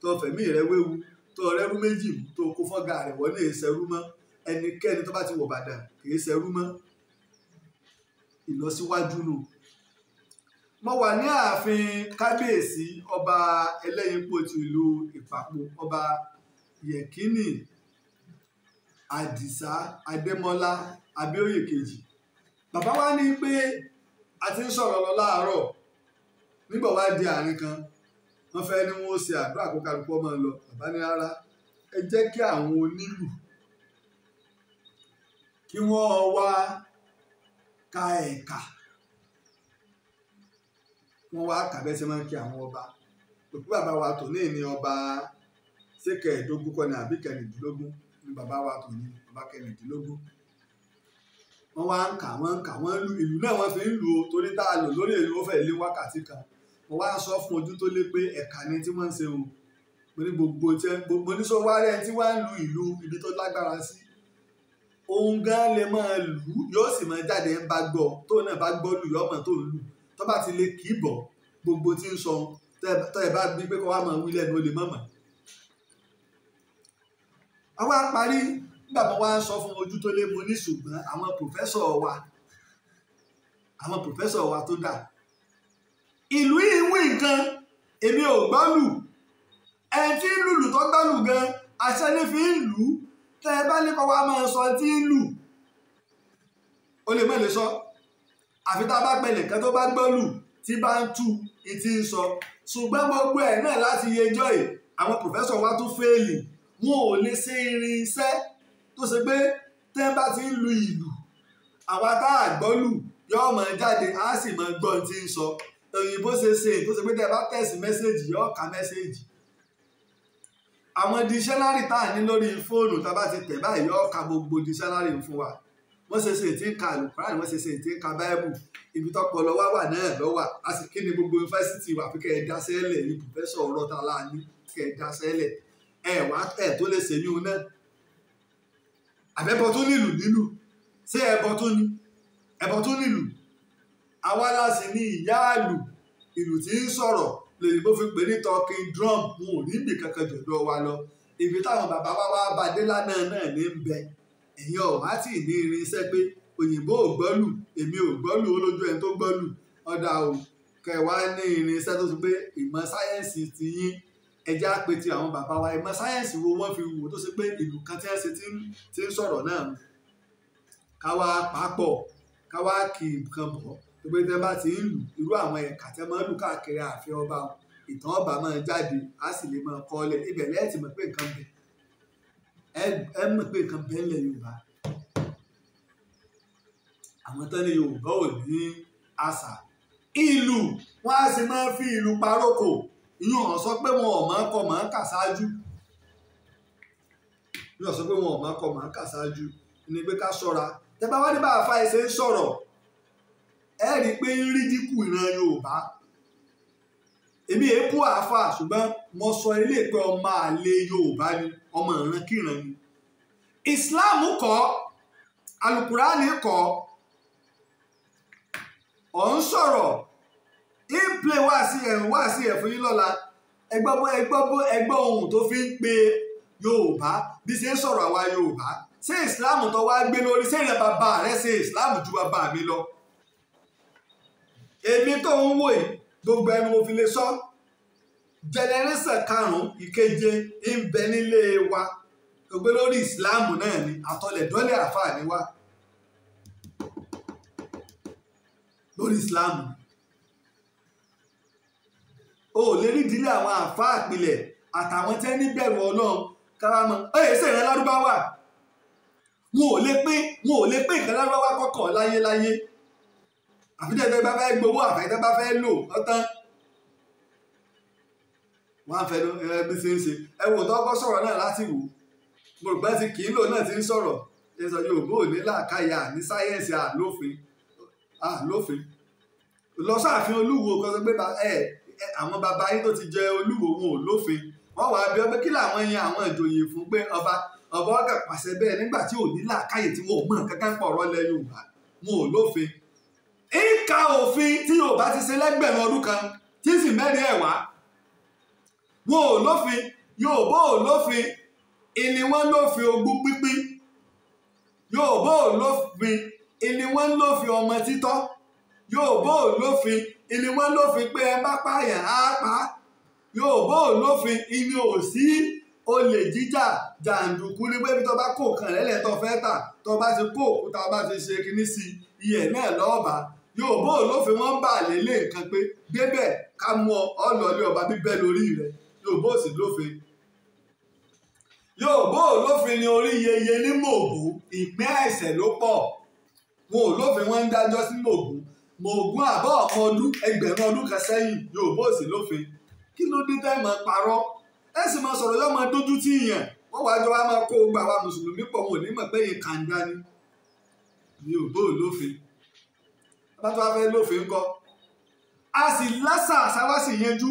S1: tó fẹ̀mí rẹ wéwu tó rẹ́rú méjì tó kó fọ́gà rẹ̀ wọ́n lè ṣẹ́rú mọ́ ẹnikẹ́ni tó bá ti wọ̀ bàdàn kì í ṣẹ́rú mọ́ ìlọsíwájú nù. mo wà ní ààfin kábíyèsí ọba ẹlẹ́yinpọ̀ ti ìlú ìpàpọ̀ ọba yẹ̀kínì àdìsá adémọlá abíóyè kejì bàbá wa ní pé a ti ń sọ̀rọ̀ lọ láàárọ̀ nígbà wá di àárín kan wọ́n fẹ́ ní wọ́n ṣe àdúrà kó kálukú ọmọ lọ bàbá ní rárá ẹ jẹ́ kí àwọn onílù kí wọ́n wá ka ẹ̀ka wọ́n wá kàbẹ́sẹ̀ máa ń kí àwọn ọba òkú bàbá wa tò ní ìní ọba ṣé kẹẹ̀ẹ́dógún kọ́ni àbí kẹrìndínlógún bàbá wa tó ní bàbá kẹrìndínlógún wọ́n wá ń kà wọ́n ń kà wọ́n lu ìlú náà wọ́n fi ń lu torí tá a lò lórí ìlú ó fẹ́ lé wákàtí kan wọ́n wá sọ fún ojú tó lé pé ẹ̀ka ni tí wọ́n ń ṣe o mo ní gbogbo tí mo ní sọ wá rẹ̀ tí wọ́n ń lu ìlú ibi tó lágbára sí ohun gan lè máa lù ú yóò sì máa jáde ń bá gbọ́ tó náà bá gbọ́ lù yọmọ tó lù tó bá ti lè kì í bọ̀ gbogbo tí ń sọ tọ́ ẹ bá gbí pé kó wá máa wí lẹ́nu ó lè mọ̀mọ́ àwa parí nígbà tó wá ń sọ fún ojú tó lé mo ní ṣùgbọ́n àwọn pòfẹ́sọ̀ wa àwọn pòfẹ́sọ̀ wa tó dà ìlú yìí wí nǹkan èmi ò gbọ́ lù ẹni tí ń lùlù tó gbọ́ lù gan àṣẹ ní fi ń lù tẹ́ ẹ bá ní kọ́ wa máa sọ tí ń lù ó lè mọ̀ lè sọ àfi tá a bá pẹ nìkan tó bá gbọ́ tí bá ń tu ìtì ń sọ ṣùgbọ́n gbogbo ẹ̀ náà láti yejọ́ ẹ̀ àwọn pòfẹ́sọ̀ wa tún fẹ́ẹ̀lì wọn ò lè ṣe irinṣẹ́ tó ṣe pé tẹ́ bá ti ń lu ìlú àwa tá a gbọ́ lù yóò mọ̀ jáde á sì mọ̀ gbọ́n tí ń sọ òyìnbó ṣe ṣe tó ṣe pé tẹ́ bá tẹ̀sí mẹ́sẹ̀gì yóò ka mẹ́sẹ̀gì àwọn dictionary tá a ní lórí fóònù tá a bá ti tẹ̀ báyìí yóò ka gbogbo dictionary fún wa wọ́n ṣe ṣe ti ń ka alukuran wọ́n ṣe ṣe ti ń ka báíbù ibi tọ́pọ̀ lọ́wọ́ wà náà lọ́wà a sì kí ni gbogbo yunifásitì wà fi kẹ́ ẹ dá sẹ́lẹ̀ ní pòfẹ́sọ̀ ọ̀rọ̀ tá a lá ní kẹ́ ẹ dá sẹ́lẹ̀ ẹ wá tẹ̀ tó lè ṣe yún un náà àbẹ́bọ tó nílù nílù ṣé ẹbọ tó nílù àwa la sì ní ìyá àlù ìlù tí ń sọ̀rọ̀ lèyìnbó fi pè ní talking drum wọn ò ní ibì kankan jọ̀dọ̀ wa lọ ibi táwọn bàbá wa wá bá dé lánàá náà ní ń bẹ èyàn ò wá tì ní irinṣẹ́ pé òyìnbó ò gbọ́lù èmi ò gbọ́lù olójú ẹni tó gbọ́lù ọ̀dà ò kẹwàá ní irinṣẹ́ tó ti pé ìmọ̀ sáyẹ́ǹsì ti yín ẹja pé àwọn bàbá wa ìmọ̀ sáyẹ́ǹsì wo wọ́n fi wò tó ṣe pé ìlú kan tí wọ́n ṣe ti ń sọ̀rọ̀ náà káwa pàápọ̀ káwa kì í kan bọ̀ tó pé tẹ́ bá ti ń lù irú àwọn ẹ̀ka tẹ́ máa lù káàkiri ààfin ọba ìtàn ọba máa jáde á sì lè máa kọ́ lẹ̀ ibẹ̀ lẹ́yìn tí mọ̀ pé nǹkan bẹ̀ ẹ mọ̀ pé nǹkan bẹ̀ lẹ̀ Yorùbá àwọn tán ní Yorùbá ò ní àṣà ìlú wọn á sì máa fi ìlú parókò ìyún ọ̀hún sọ pé wọn ò mọ̀ kọ mọ̀ kà ṣáájú ìyún ọ̀hún sọ pé wọn ò mọ̀ kọ mọ̀ kà ṣáájú ni pé ká ṣọ́ra tẹ bá wá ní bá àfa ẹsẹ̀ ń sọ̀rọ̀ ẹ rí i pé ń rí dínkù ìran Yorùbá èmi èébú àáfà ṣùgbọ́n mo sọ ilé pé ọmọ àlè Yorùbá ni ọmọ ìrankíran ni Islam kọ́ alukurani kọ́ ọ̀ ń sọ̀rọ̀ ń play wáàsí ẹ̀ wáàsí ẹ̀ fún yín lọ́la ẹgbọ́ bó ẹgbọ́ bó ẹgbọ́ ohun tó fi ń pe Yorùbá bí ṣe ń sọ̀rọ̀ àwa Yorùbá ṣé ìsìláàmù tó wá gbé lórí ṣé ìrẹ́ bàbá rẹ ṣe ìsìláàmù ju bàbá mi lọ. èmi tó ń wò yìí gbogbo ẹnu mo fi lè sọ jẹnẹrẹsàn karùnún ìkeje ń bẹ nílé wa gbogbo lórí ìsìláàmù náà ni àtọlẹ̀dọ́lẹ̀ àfààní wa lórí ìsìláàmù ni o ò lè rí ìdílé àwọn àfa àpilẹ̀ àtàwọn tẹ́ níbẹ̀rù ọlọ́run karamọ́ ẹ̀yẹ sì rẹ lárúbáwá wọn ò lè pín wọn ò lè pín nǹkan lárúbáwá kọ́kọ́ láyéláyé àfitẹ́tẹ́ bá fẹ́ gbowó àfẹ́tẹ́ bá fẹ́ lò ọ̀tán wọn á fẹ́ ẹ bí ṣe ń ṣe ẹ wò tó kọ́ sọ̀rọ̀ náà láti wò mo rò pé ti kì í lò náà ti ń sọ̀rọ̀ ẹ sọ Yorùbá ò ní làákàyà ní sáyẹ́ǹsì àlófin àlófin lọ sáàfin olúwo kan sọ pé ẹ àwọn bàbá yín tó ti jẹ olúwo wọn ò lófin wọ́n wàá bí ọ pé kí làwọn yan àwọn ìjòyè fún pé ọba ọba ọgà pàṣẹ bẹ́ẹ̀ nígbà tí ò ní làákàyè tí wọn ò gbọ́n kankan pọ̀ ọ̀rọ̀ lẹ yorùbá wọn ò lófin. ìka òfin tí yorùbá ti ṣe lẹ́gbẹ̀rún ọdún kan tí sì mẹ́rin ẹ̀ wọn ò lófin yorùbá ò lófin ìní wọn lófin ogún pínpín yorùbá ò lófin ìní wọn lófin ọmọ títọ́ yorùbá ò lófin ìní wọn lófin pé ẹ bá pààyàn á pa yóò bó lófin ìní ò sí olè jíjà jàǹdùkú ní pé bí tó bá kó kàn lẹ́lẹ̀ tó fẹ́ tà tó bá ti kó òkúta bá ti ṣe kinní sí iye náà lọ́ọ̀bà yóò bó lófin wọn bà lélẹ̀ nǹkan pé débẹ̀ ká mú ọ ọ lọlé ọba bíbẹ́ lórí rẹ yóò bó sì lófin yóò bó olófin ni orí yeye ní mògùn ìpín ẹ̀ṣẹ̀ ló pọ̀ wọn ò lófin wọn ń dájọ́ sí mògùn mo ogún àbọ̀ ọ̀kan ọdún ẹgbẹ̀rún ọdún kan sẹ́yìn Yorùbá ò sí lófin kí ló dé tẹ́ máa parọ́ ẹ sì máa sọ̀rọ̀ yọ́ máa dójú tì yàn wọ́n wáá jọ wá máa kó gba àwa mùsùlùmí pọ̀ wọn ò ní mọ̀ pé yìí kàńdá ni Yorùbá ò lófin bá tó wá fẹ́ lófin kọ́ a sì lásà sáwá sì yanjú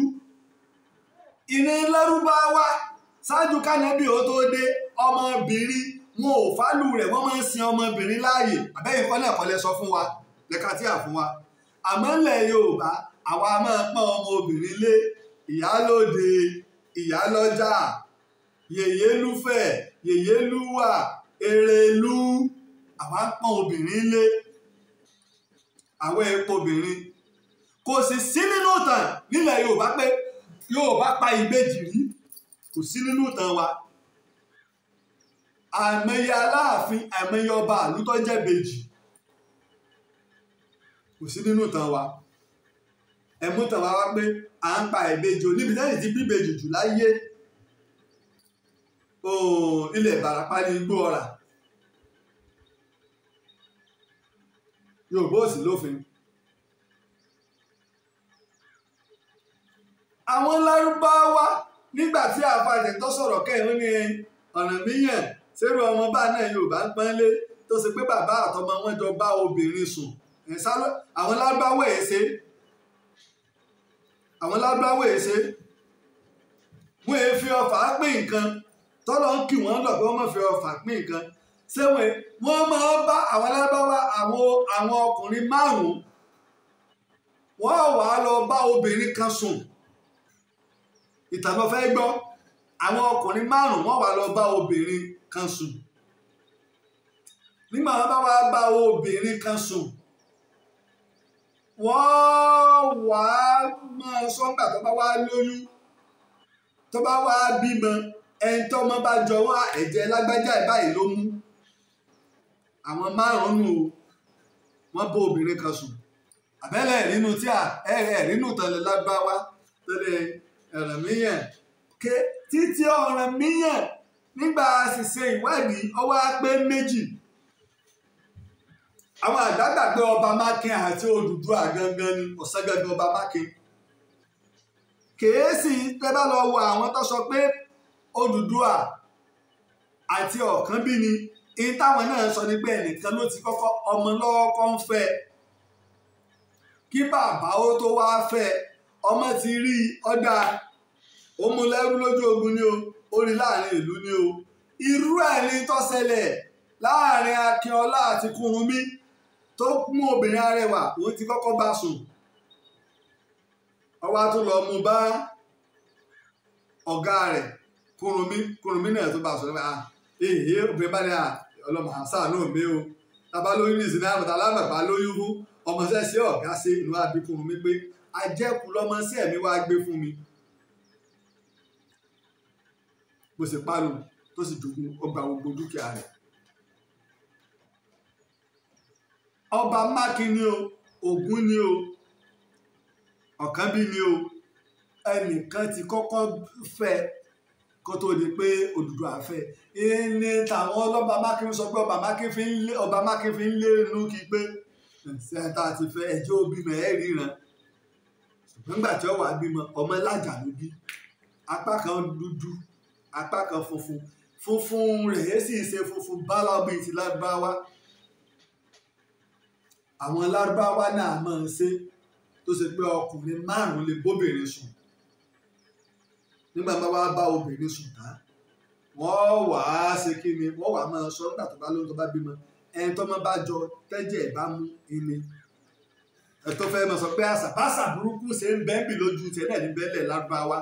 S1: ìní lárúbáwá ṣáájú kánẹ́bì ó tó dé ọmọbìnrin wọn ò fálù rẹ̀ wọ́n máa ń sin ọmọbìnrin láàyè àbẹ́yìn kọ́lẹ̀ kọ́lẹ̀ sọ fún wa jẹ́kátí àfún wa àmọ́ ńlẹ̀ yorùbá àwa máa pọ́n ọmọ obìnrin lé ìyálóde ìyálọ́jà yèyélúfẹ̀ yèyélúwà erelú àwa ń pọ́n obìnrin lé àwọn epo obìnrin kò sì sí nínú ìtàn nílẹ̀ yorùbá pé yorùbá pa ìbejì rí kò sí nínú ìtàn wa àmọye aláàfin àmọye ọba àlùtọ́jẹ́ bejì kò sí nínú tàn wa ẹ mú tàn wa wá pé à ń pa ìbejì níbi tẹ́lẹ̀ tí bíbejì jù láyé ilẹ̀ ìbàràpá ní igbó ọ̀rà Yorùbá ò sí lófin. àwọn lárúbáwá nígbà tí àfàjẹ tó sọ̀rọ̀ kẹrin ní Ọ̀rànmíyàn sẹ́rù ọmọ bá náà Yorùbá ń pọ́nlé tó ṣe pé bàbá àtọmọ wọn jọ bá obìnrin sùn àwọn lágbáwò ẹ̀ ṣe àwọn lágbáwò ẹ̀ ṣe wọ́n èé fi ọfà pín nǹkan tọ́lọ́ ń kì wọ́n lọ pé wọ́n máa fi ọfà pín nǹkan ṣé wọ́n máa bá àwọn lágbáwá àwọn àwọn ọkùnrin márùn-ún wọ́n wà á lọ bá obìnrin kan sùn ìtàn ló fẹ́ gbọ́ àwọn ọkùnrin márùn-ún wọ́n wà á lọ bá obìnrin kan sùn nígbà wọn bá wá bá obìnrin kan sùn wọ́n wà á máa sọ́ngbà tó bá wá lóyún tó bá wá bímọ ẹni tó ọmọ bá jọ wá ẹ̀jẹ̀ lágbájá ẹ̀ báyìí ló mú àwọn márùn-ún o wọ́n bó obìnrin kan sùn àbẹ́lẹ̀ nínú tí à ẹ̀rẹ̀ nínú tẹ̀lé lágbáwá tẹ̀lé ẹ̀rẹ̀ míyàn ké títí ọ̀rẹ́ míyàn nígbà àṣìṣe ìwádìí ọwọ́ á méjì àwọn àgbàgbà pé ọba mákin àti Odùduwà gangan ni ọ̀sángangan ọba mákin kèésì tẹ bá lọ wo àwọn tó sọ pé Odùduwà àti Ọ̀kànbíni ní táwọn náà sọ ní pé ẹnìkan ló ti kọ́kọ́ ọmọ lọ́wọ́ kọ́ ń fẹ́ kí bàbá ó tó wá fẹ́ ọmọ ti rí ọ̀dà ó lójú ogun ni o ó rí láàrin ìlú ni o irú ẹ̀ ní tó láàrin Akínọlá àti Kúrúnmí tó mú obìnrin arẹwà òun ti kọ́kọ́ bá sùn ọwọ́ tó lọ mú bá ọ̀gá rẹ̀ kùrùmí kùrùmí náà tó bá sùn nípa ah, èyí eh, eh, obìnrin bá ní à ah, ọlọ́mọ àṣà náà mi o tàbá lóyún ní ìsìnkú àmọ̀tà alámọ̀pá lóyún fún ọmọ sẹ́sẹ́ ọ̀gá sí ìlú àbíkùrùmí pé ajẹ́kù lọ́mọ sí ẹ̀mí wá gbé fún mi mo sì pálù tó sì dùnkù ọgbà gbogbo dúkìá rẹ̀ ọba mákì ni o ògún ni o ọ̀kánbí ni o ẹnìkan ti kọ́kọ́ fẹ́ kó tó di pé Odùduwà fẹ́ ní tàwọn ọlọ́ba mákì sọ pé ọba mákì fi ń lé ọba mákì fi ń lé inú kí pé sẹ́ńtà ti fẹ́ ẹjọ́ òbí mẹ́ẹ̀ẹ́rìíràn nígbà tí ó wà bímọ ọmọ lájà ló bí apá kan dúdú apá kan funfun funfun rẹ̀ sì ṣe funfun bálábì ti lágbáwá àwọn lárúbáwá náà máa ń ṣe tó ṣe pé ọkùnrin márùn-ún lè bóbìnrin sùn nígbà máa wá bá obìnrin sùn tá wọ́n wà á ṣe kí ni wọ́n wà á máa sọ nígbà tó bá lóyún tó bá bímọ ẹni tó máa bá jọ tẹ́jẹ̀ ìbámu ẹni ẹ̀tọ́ fẹ́ máa sọ pé àṣà báṣà burúkú ṣe ń bẹ́ẹ̀bì lójú tiẹ̀ náà ní bẹ́ẹ̀lẹ̀ lárúbáwá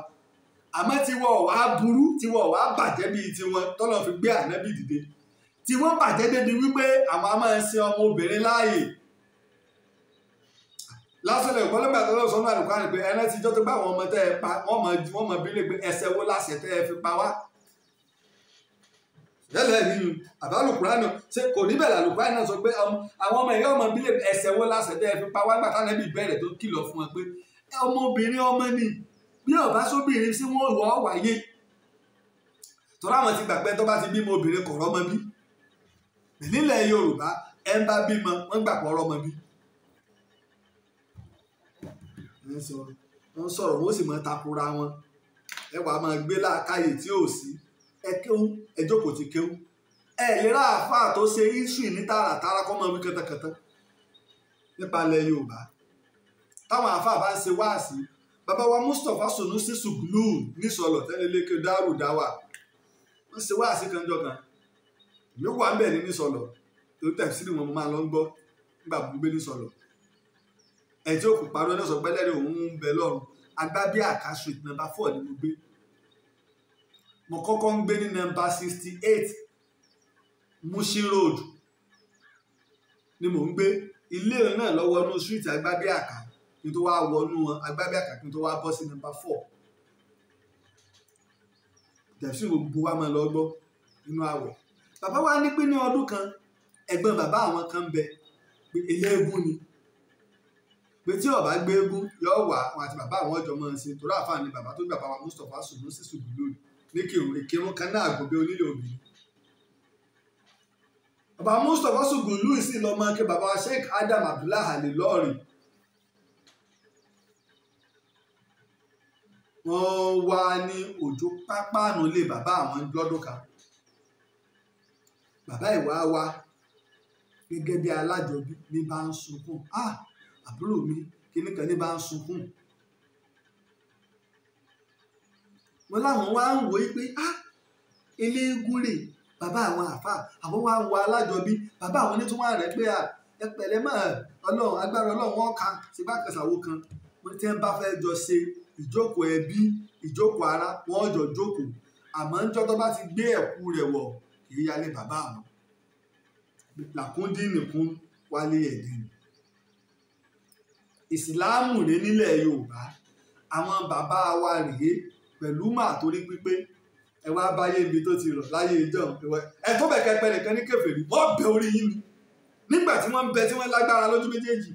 S1: àmọ́ tiwọ̀ wá burú tiwọ̀ wá bàjẹ́ bíi tiwọn tọ́lọ́ fi gbé ànábì dìde tiwọn bàjẹ́ débi wípé àwọn a máa ń sin ọmọ obìnrin láàyè lásìlẹ ìpọlọgbà tó lọ sọnù àlùkò àlùkò ẹni tí jọtọ bá àwọn ọmọ tẹ ẹ pa wọn mọ ju wọn mọ bí lè gbé ẹsẹ wo láṣẹ tẹ ẹ fi pa wá. yẹlẹ ìlú àbá àlùkùránì ṣe kò níbẹ̀ làlùkùránì náà sọ pé àwọn ọmọ ẹ̀yọ́ ọmọ bí lè ẹsẹ wo láṣẹ tẹ ẹ fi pa wá gbàtà nẹ́bí bẹ̀rẹ̀ tó kìlọ̀ fún wọn pé ọmọbìnrin ọmọ ni bí ọba sóbìnrin sí wọn wọ wáyé tọ́lá àwọn ti gbàgbé tó bá ti bímọ obìnrin kọ̀ọ̀rọ̀ ọmọ bí nílẹ̀ Yorùbá ẹ ń bá bímọ wọ́n gbàgbọ́ ọ̀rọ̀ ọmọ bí ń sọ wọn sọ̀rọ̀ wọn ó sì máa takora wọn ẹ wàá máa gbé láàkáyè tí ò sí ẹ kéwú ẹ jókòó ti kéwú ẹ lera àáfàá tó ṣe iṣu ní tààràtààrà kọ́ mọ wí kẹtẹkẹtẹ nípa ilẹ̀ Yorùbá táwọn àáfàá bá ń ṣe wáàsí bàbá wa Mustapha Sunusi Suglu nísọlọ tẹniléke dárò dáwà ń ṣe wáàsí kanjọ kan yóò wà ń bẹ̀ ní nísọlọ tó tẹ̀síìrì wọn máa lọ ń gbọ́ nígbà gbogbo nísọlọ ẹ̀ tí òkú parí ọ̀nà sọ̀gbẹ́ lẹ́rìí òun ń bẹ lọ́rùn agbábí àkásù nọ́mbà four ni mo gbé mo kọ́kọ́ ń gbé ní nọ́mbà sixty eight Mushin Road ni mò ń gbé ilé náà lọ́wọ́ inú street agbábí àká kí n tó wá wọnú agbábí àká kí n tó wá bọ́ sí nọ́mbà four tẹ̀sí gbogbo wa máa lọ gbọ́ nínú àwẹ̀ bàbá wa ní pé ní ọdún kan ẹ̀gbọ́n bàbá àwọn kan ń bẹ pé eléégún ni pé tí ọba gbégún yóò wà àwọn àti bàbá àwọn ọjọ́ máa ń ṣe torí àfààní bàbá tó gbà bàbá Mustapha sùnú sí sùgbùlù ní kírun ìkírun kan náà àgbòbí onílé obìnrin. bàbá Mustapha sùgbùlù sì lọ máa kí bàbá Sheikh Adam Abdullah Ali lọ́ọ̀rì. wọ́n wá ní òjò pápánu lé bàbá àwọn lọ́dún kan. bàbá ìwà wa gẹ́gẹ́ bí alájọbí ní bá ń sunkún. ah àbúrò mi kíní kan ní bá ń sunkún wọn láwọn wá ń wòye pé á eléégún rè bàbá àwọn àfà àwọn wá ń wo alájọbí bàbá àwọn ní tí wọn rẹ pé à ẹ pẹ̀lẹ́ mọ́ Ọlọ́run agbára Ọlọ́run wọn kan ṣe bá kẹsàwó kan wọn ti ń bá fẹ́ jọ ṣe ìjókòó ẹbí ìjókòó ara wọn jọ jókòó àmọ́ níjọ́ tó bá ti gbé ẹ̀kú rẹ̀ wọ̀ kì í yálé bàbá àwọn làkúndín wálé ẹ̀dín ìsìláàmù rèé nílẹ̀ yorùbá àwọn bàbá wa rèé pẹ̀lú màá torí pípé ẹ wá báyé ibi tó ti rọ̀ láyé ìjọ ẹ tó bẹ̀ kẹpẹ nìkan ní kèfèrí wọ́n bẹ orí yín ni nígbà tí wọ́n ń bẹ tí wọ́n lágbára lójú méjèèjì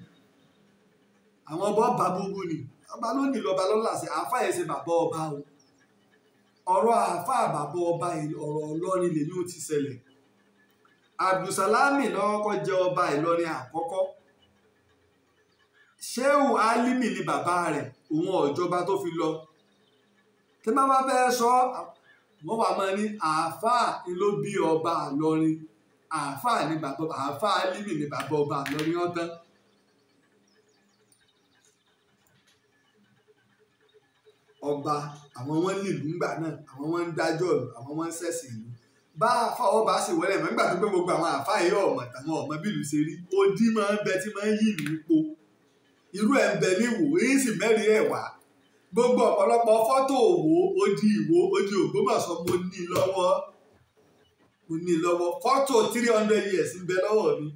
S1: àwọn ọba ọba gbogbo ni ọba ló nílò ọba lọ́la sí àáfà yẹn ṣe bàbá ọba o ọ̀rọ̀ àáfà bàbá ọba ọ̀rọ̀ ọlọ́rin lèyí ó ti ṣẹlẹ̀ Abdulsalami lọ́kọ́ jẹ́ ọba Ìlọrin àkọ́kọ́ Ṣéhù Álímì ni bàbá rẹ̀ òun ọ̀jọba tó fi lọ tí má bá fẹ́ sọ wọ́n wà máa ní àáfàá ló bí ọba àlọrin àáfàá ni bàbá àáfàá Álímì ni bàbá ọba àlọrin ọ̀tán. ọba àwọn wọn nílùú ńgbà náà àwọn wọn ń dájọ́ àwọn wọn ń ṣẹ̀sìn ìlú bá àáfàá ọba sì wọlé mọ́ nígbà tó gbé gbogbo àwọn àáfàá yìí ọ̀mọ̀ tàwọn ọ̀mọ bílù rí odi máa ń bẹ tí máa ń yí ìlú po irú ẹ̀ ń bẹ ní ìwò èyí sì mẹ́rin ẹ̀ wá gbogbo ọ̀pọ̀lọpọ̀ fọ́tò òwò odi ìwò odi ògbómọ̀ṣọ́ mo ní lọ́wọ́ mo ní lọ́wọ́ fọ́tò three hundred years ń bẹ lọ́wọ́ mi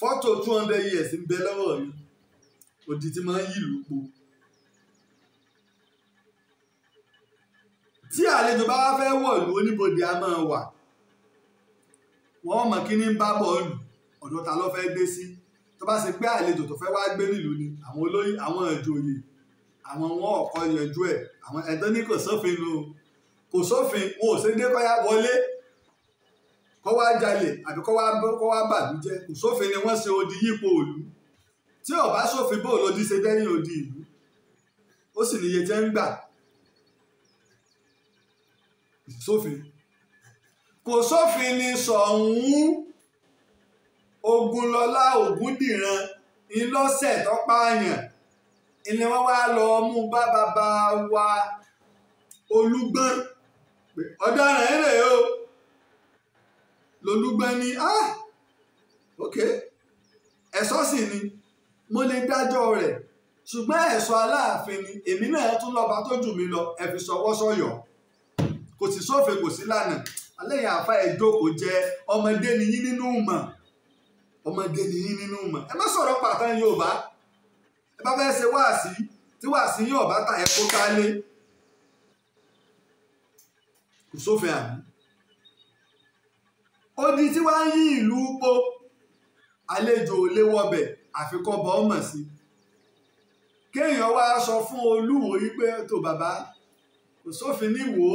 S1: fọ́tò two hundred years ń bẹ lọ́wọ́ mi odi ti máa ń yí ìlú po. tí àlejò bá wá fẹ́ wọ̀lú oníbodè a máa wà wọ́n mọ̀ kí ní bá bọ́ọ̀lù ọ̀dọ̀ ta ló fẹ́ gbé sí tó bá ṣe pé àlejò tó fẹ́ wá gbé nílùú ni àwọn olóyè àwọn ìjòyè àwọn wọn ọkọ yanjú ẹ àwọn ẹ̀tọ́ ní kò sófin nu kò sófin wọn ò ṣe dé kọ́yá wọlé kọ́ wá jalè àbí kọ́ wá kọ́ wá bàbí jẹ́ kò sófin ni wọ́n ṣe odi yípo òlu tí ó bá sófin bó lòdì ṣe dẹ́yìn odi ìlú ó sì níye jẹ́ ń gbà sófin kò sófin ni sọ̀hún Ògúnlọlá Ògúndìran. So ńlọ́sẹ̀ tó pààyàn ni wọ́n wá lọ mú bá bàbá wa olúgbọ́n ọ̀daràn ẹ̀ rèé o lolúgbọ́n ni ah ok ẹ̀sọ́ sì ni mo lè dájọ́ rẹ̀ ṣùgbọ́n ẹ̀sọ́ aláàfin ni èmi náà tún lọ́ba tó jù mí lọ ẹ fi sọwọ́ sọ̀yọ̀ kò sì sófin kò sí lánàá alẹ́ yẹn àfa ẹ̀ jókòó jẹ ọmọdé ni yín nínú mọ̀ ọmọdé nìyí nínú mọ̀ ẹ má sọ̀rọ̀ pàtàn Yorùbá ẹ bá fẹ́ ṣe wáàsí tí wáàsí Yorùbá ta ẹ kó ká kò sófin àmì odi tí wàá yí ìlú po àlejò ò lè wọbẹ̀ àfikọ́ bọ́ ọmọ sí kéèyàn wá sọ fún olúwo yìí pé tó bàbá kò sófin níwòó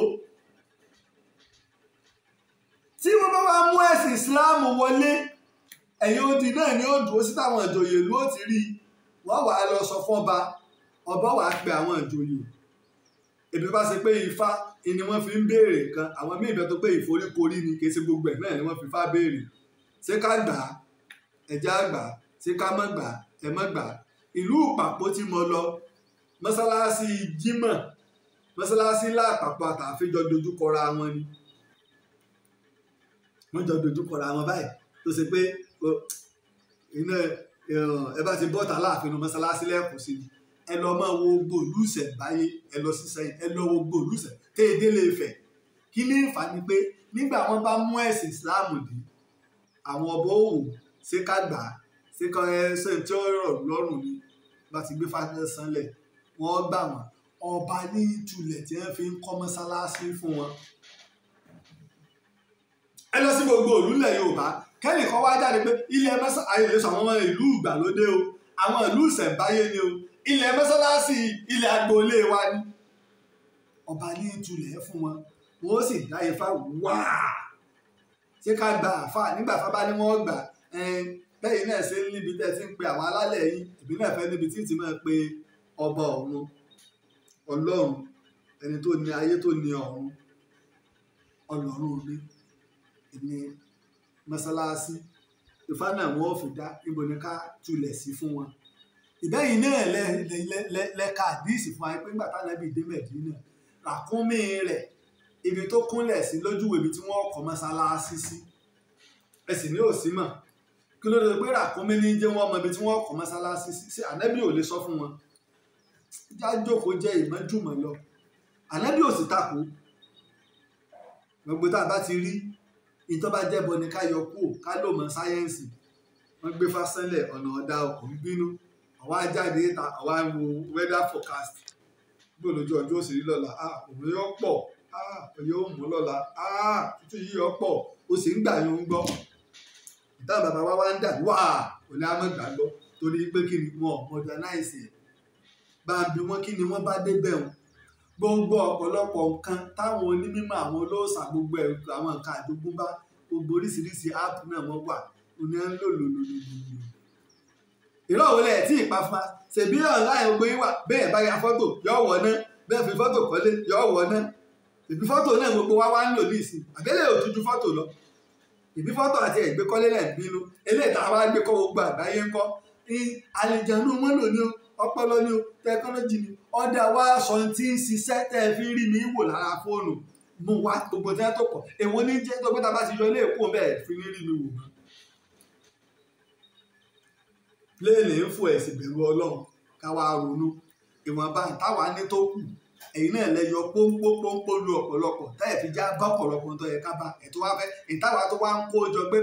S1: tí wọ́n bá wá mú ẹ̀sìn Islam wọlé ẹ̀yin odi náà ni ó dúró sí táwọn ìjòyè ìlú ó ti rí i wọ́n wàá lọ sọ fún ọba ọba wàá pe àwọn ìjòyè èmi bá ṣe pé ifá ni wọ́n fi ń béèrè nǹkan àwọn míì bẹ́ẹ̀ tó pé ìforíkorí ni kì í ṣe gbogbo ẹ̀ náà ni wọ́n fi fá béèrè ṣé ká gbà á ẹ̀já gbà á ṣé ká má gbà á ẹ̀ má gbà á ìlú ìpàpọ̀ tí mo lọ mọ́sálásí jímọ̀ mọ́sálásí láàpapọ̀ àtàfin jọ dojúkọra wọn ni wọ́n jọ dojúkọra wọn báyìí tó ṣe pé iná eh, ẹ bá ti bọ́ta láàfin mọ́sálásí lẹ́kùn sí ni ẹ lọ máa wo gbòòlù ìṣẹ̀ báyé ẹ lọ sí sẹ́yìn ẹ lọ wo gbòòlù ìṣẹ̀ tẹ́ ẹ délé Ifẹ̀ kí lè fà ni pé nígbà wọn bá mú ẹ̀sìn Islam dì àwọn ọba òwò ṣé ká gbà á ṣé ká ẹsẹ tí ó rọ̀ lọ́rùn ni bá ti gbé fáfẹ́ sanlẹ̀ wọ́n gbà wọ́n ọba ní ìtulẹ̀ tí wọ́n fi ń kọ́ mọ́sálásí fún wọn. ẹ lọ sí gbogbo òlúlẹ̀ Yorùbá kẹ́nìkan wá jáde pé ilẹ̀ mẹ́sà ayẹyẹ sọ àwọn ìlú ìgbàlódé o àwọn ìlú ìṣẹ̀ǹbáyé ni o ilẹ̀ mẹ́sálásì ilẹ̀ agboolé wa ni ọba ní ìtulẹ̀ fún wọn wọn ó sì dá ifá wáá ṣé ká gba àfa nígbà fábá ni wọ́n gbà bẹ́ẹ̀ náà ṣe ń níbi tẹ́ ti ń pe àwọn alálẹ̀ yìí ìbílẹ̀ fẹ́ níbi tí ì máa pe ọba ọ̀run ọlọ́run ẹni tó ní ayé tó ní ọ̀run ọlọ́run mi ìní mọ́sálásí Ifá náà wọ́n fi dá ibo ni ká tulẹ̀ sí fún wọn ìbẹ́yìn náà lẹ́ka àdíìsì fún wa pé nígbà táwọn ẹbí dé Mẹ̀dínà ràkúnmí rẹ̀ ibi tó kúnlẹ̀ sí lójúwèé ibi tí wọ́n kọ́ mọ́sálásí sí ẹ sì ní òsì mọ̀ kí ló dé pé ràkúnmí ní jẹ́ wọ́n mọ ibi tí wọ́n kọ́ mọ́sálásí sí sí ànábì ò lè sọ fún wọn jájókòó jẹ́ ìmọ̀júmọ̀ lọ ànábì ò sì takò gbogbo tá a bá ti rí ìtọ́ bá jẹ́ bọ́ni ká yọ kúrò ká lò mọ́ sáyẹ́ǹsì wọ́n gbé fásánlẹ̀ ọ̀nà ọ̀dà ọkọ̀ bínú àwa jáde ta àwa wo weather forecast gbọ́dọ̀ lójú ọjọ́ òsì rí lọ́la ah òun yóò pọ̀ ah òun yóò mú lọ́la ah títí yìí yóò pọ̀ ó sì ń gbà yóò ń gbọ́ ìtàn bàbá wa wá ń dà wá òun ni a mọ̀ gbàgbọ́ torí pé kí ni wọn modernize ẹ̀ bá a bí wọn kí ni wọ́n bá débẹ̀ gbogbo ọ̀pọ̀lọpọ̀ nǹkan táwọn onímọ̀ àwọn olóòṣà gbogbo ẹ̀rọ àwọn nǹkan àjogúnbá gbogbo oríṣiríṣi áàpù náà wọ́n wà ní à ń lò lòlòlòlò. ìrọ̀ òun lẹ̀ tí ìpa fún wa ṣèbí online gbé wà bẹ́ẹ̀ bá ya fọ́tò yọ̀ wọ̀ ná bẹ́ẹ̀ fi fọ́tò kọ́lé yọ̀ wọ̀ ná ìbí fọ́tò náà gbogbo wa wá ń lò ní ìsìn àbẹ́lẹ̀ ò tún ju fọ́tò lọ ìbí fọ́tò àti ẹ̀gbẹ́ kọ́lé lẹ̀ nínú eléyìí táwa gbé kọ́ gbogbo àgbáyé ń kọ́ alìjẹ̀nu mọ́lò ni o ọpọlọ ni o tẹkọ́lọ́jì ni ọ̀dà wa sọ ti ń ṣiṣẹ́ tẹ́ ẹ fi rí mi wò lára fóònù mo wá gbogbo tí wọ́n tó pọ̀ èwo ní jẹ́ tó gbọ́dọ̀ bá ti yọ ilé èkó bẹ́ẹ̀ fi ní rí mi wò mọ́. pléènì ń fò ẹ̀sìn bẹ̀rù ọlọ́run káwa ronú ìwọ̀nba táwa ní tó kù ẹ̀yin náà lẹ́yọ pọ́npọ́ pọ́npọ́ lu ọ̀pọ̀lọpọ̀ táyẹ̀ fi já bá ọ̀pọ̀lọpọ̀ tó yẹ ká bá ẹ̀tọ́ wá fẹ́ ìtawà tó wá ń kó jọ pé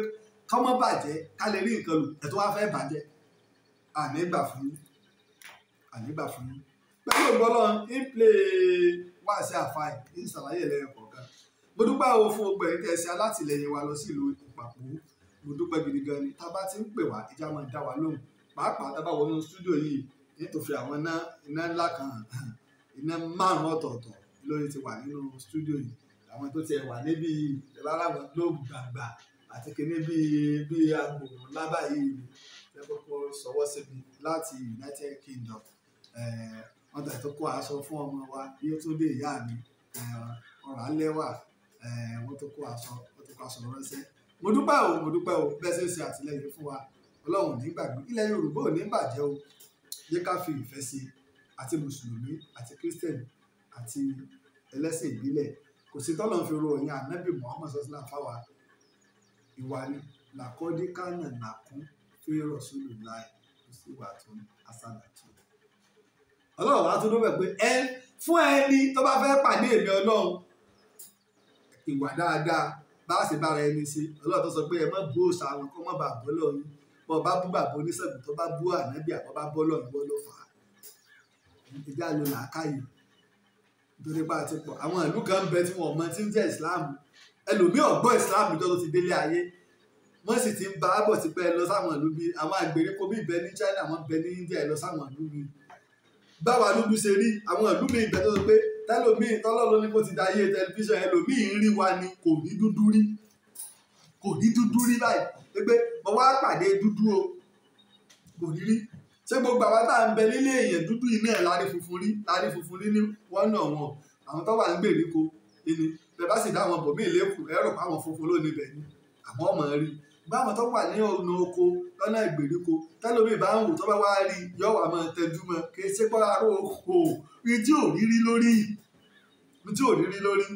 S1: kọ́mọ́ bàjẹ́ ká lè rí nǹkan lò ẹ̀tọ́ wá fẹ́ bàjẹ́ ànígbà fún yín ànígbà fún yín pẹ̀lú ògbọ́lọ́ ń play wá sí àfáì ń ṣàlàyé lẹ́yìn kọ̀ọ̀kan mo dúpẹ́ àwọn fún ọgbẹ́ yìí tẹ̀sí alátìlẹyìn wa lọ sí ìlú ìpàpọ̀ mo dúpẹ́ gidi gan ni tá a bá ti ń pè wá ìjà máa dá wa lóhùn pàápàá tá a bá wọnú stúdíò yìí nítòfin àwọn iná iná ńlá kan [laughs] iná márùn ọ̀tọ̀ọ̀tọ̀ lórí ti wà nínú stúdíò yìí àwọn tó ti wà níbi ìlara wọn lóògùn gbàgbà àti kìíní bíi bíi agbòrò United Kingdom eh, wọ́n tó kó aṣọ fún ọmọ wa yóò tó dé ìyá mi ọ̀rá lẹ́wà wọ́n tó kó aṣọ wọ́n tó kó aṣọ ránṣẹ́ mo dúpẹ́ o mo dúpẹ́ o bẹ́ẹ̀ ṣe ń ṣe àtìlẹ́yìn fún wa ọlọ́run ní ilẹ̀ yorùbá ò ní bàjẹ́ o yẹ ká fi ìfẹ́ sí i àti mùsùlùmí àti kírísítẹ̀nì àti ẹlẹ́sìn ìbílẹ̀ kò sí tọ́lọ̀ fi ro ọ̀yàn ànábì muhammed sọ́sílà fáwa ìwà ni làkọ́dí kánà nàkún fẹ́rọ̀ sólù láì kò sí ìwà tó ń ọlọ́run wá tún ló bẹ̀ pé ẹ fún ẹni tó bá fẹ́ pàdé èmi ọlọ́run ìwà dáadáa bá a sì bára ẹni sí ọlọ́run tó sọ pé ẹ má bú òòṣà àwọn kó má bàa bọ́ lọ́run bọ́ bá bú bàbá oníṣègùn tó bá bú ànábì àbọ̀ bá bọ́ lọ́run wọ́n ló fà á ìjà ló làákàyè nítorí bá a ti pọ̀ àwọn ìlú kan ń bẹ tí wọ́n mọ tí ń jẹ́ Islam ẹlòmíì ọ̀gbọ́ Islam ìjọ tó ti délé ayé wọ́n sì ti ń bá a bọ̀ sí pé ẹ lọ sáwọn ìlú bíi àwọn àgbèríko bíi bẹ ní China wọ́n bẹ ní India ẹ lọ sáwọn ìlú bíi báwa lúdú ṣe rí àwọn ìlú mi ìbẹ́ tó sọ pé tẹlòmíì tọ́lọ́run ní kó ti da iye tẹlifíṣàn ẹlòmíì ń rí wa ni kò ní dúdú rí kò ní dúdú rí báyìí pé mo wá pàdé dúdú o kò ní rí ṣé gbogbo àwa tá à ń bẹ nílé èèyàn dúdú iná ẹ̀ lárí funfun rí lárí funfun rí ní wọ́n náà wọn àwọn tó wà ń gbèríko ẹni bẹ́ẹ̀ bá sì dá àwọn bòmíì lẹ́kùn ẹ̀rọ pàwọn funfun lónìí bẹ̀ ni àwọn ọmọ rí báwọn tó wà ní ọ̀nà oko lọ́nà ìgbèríko tẹ́lómi bá ń wò tó bá wá rí yóò wá máa tẹjú mọ́ kì í ṣe pé aró oko rí tí ò rírí lórí rí tí ò rírí lórí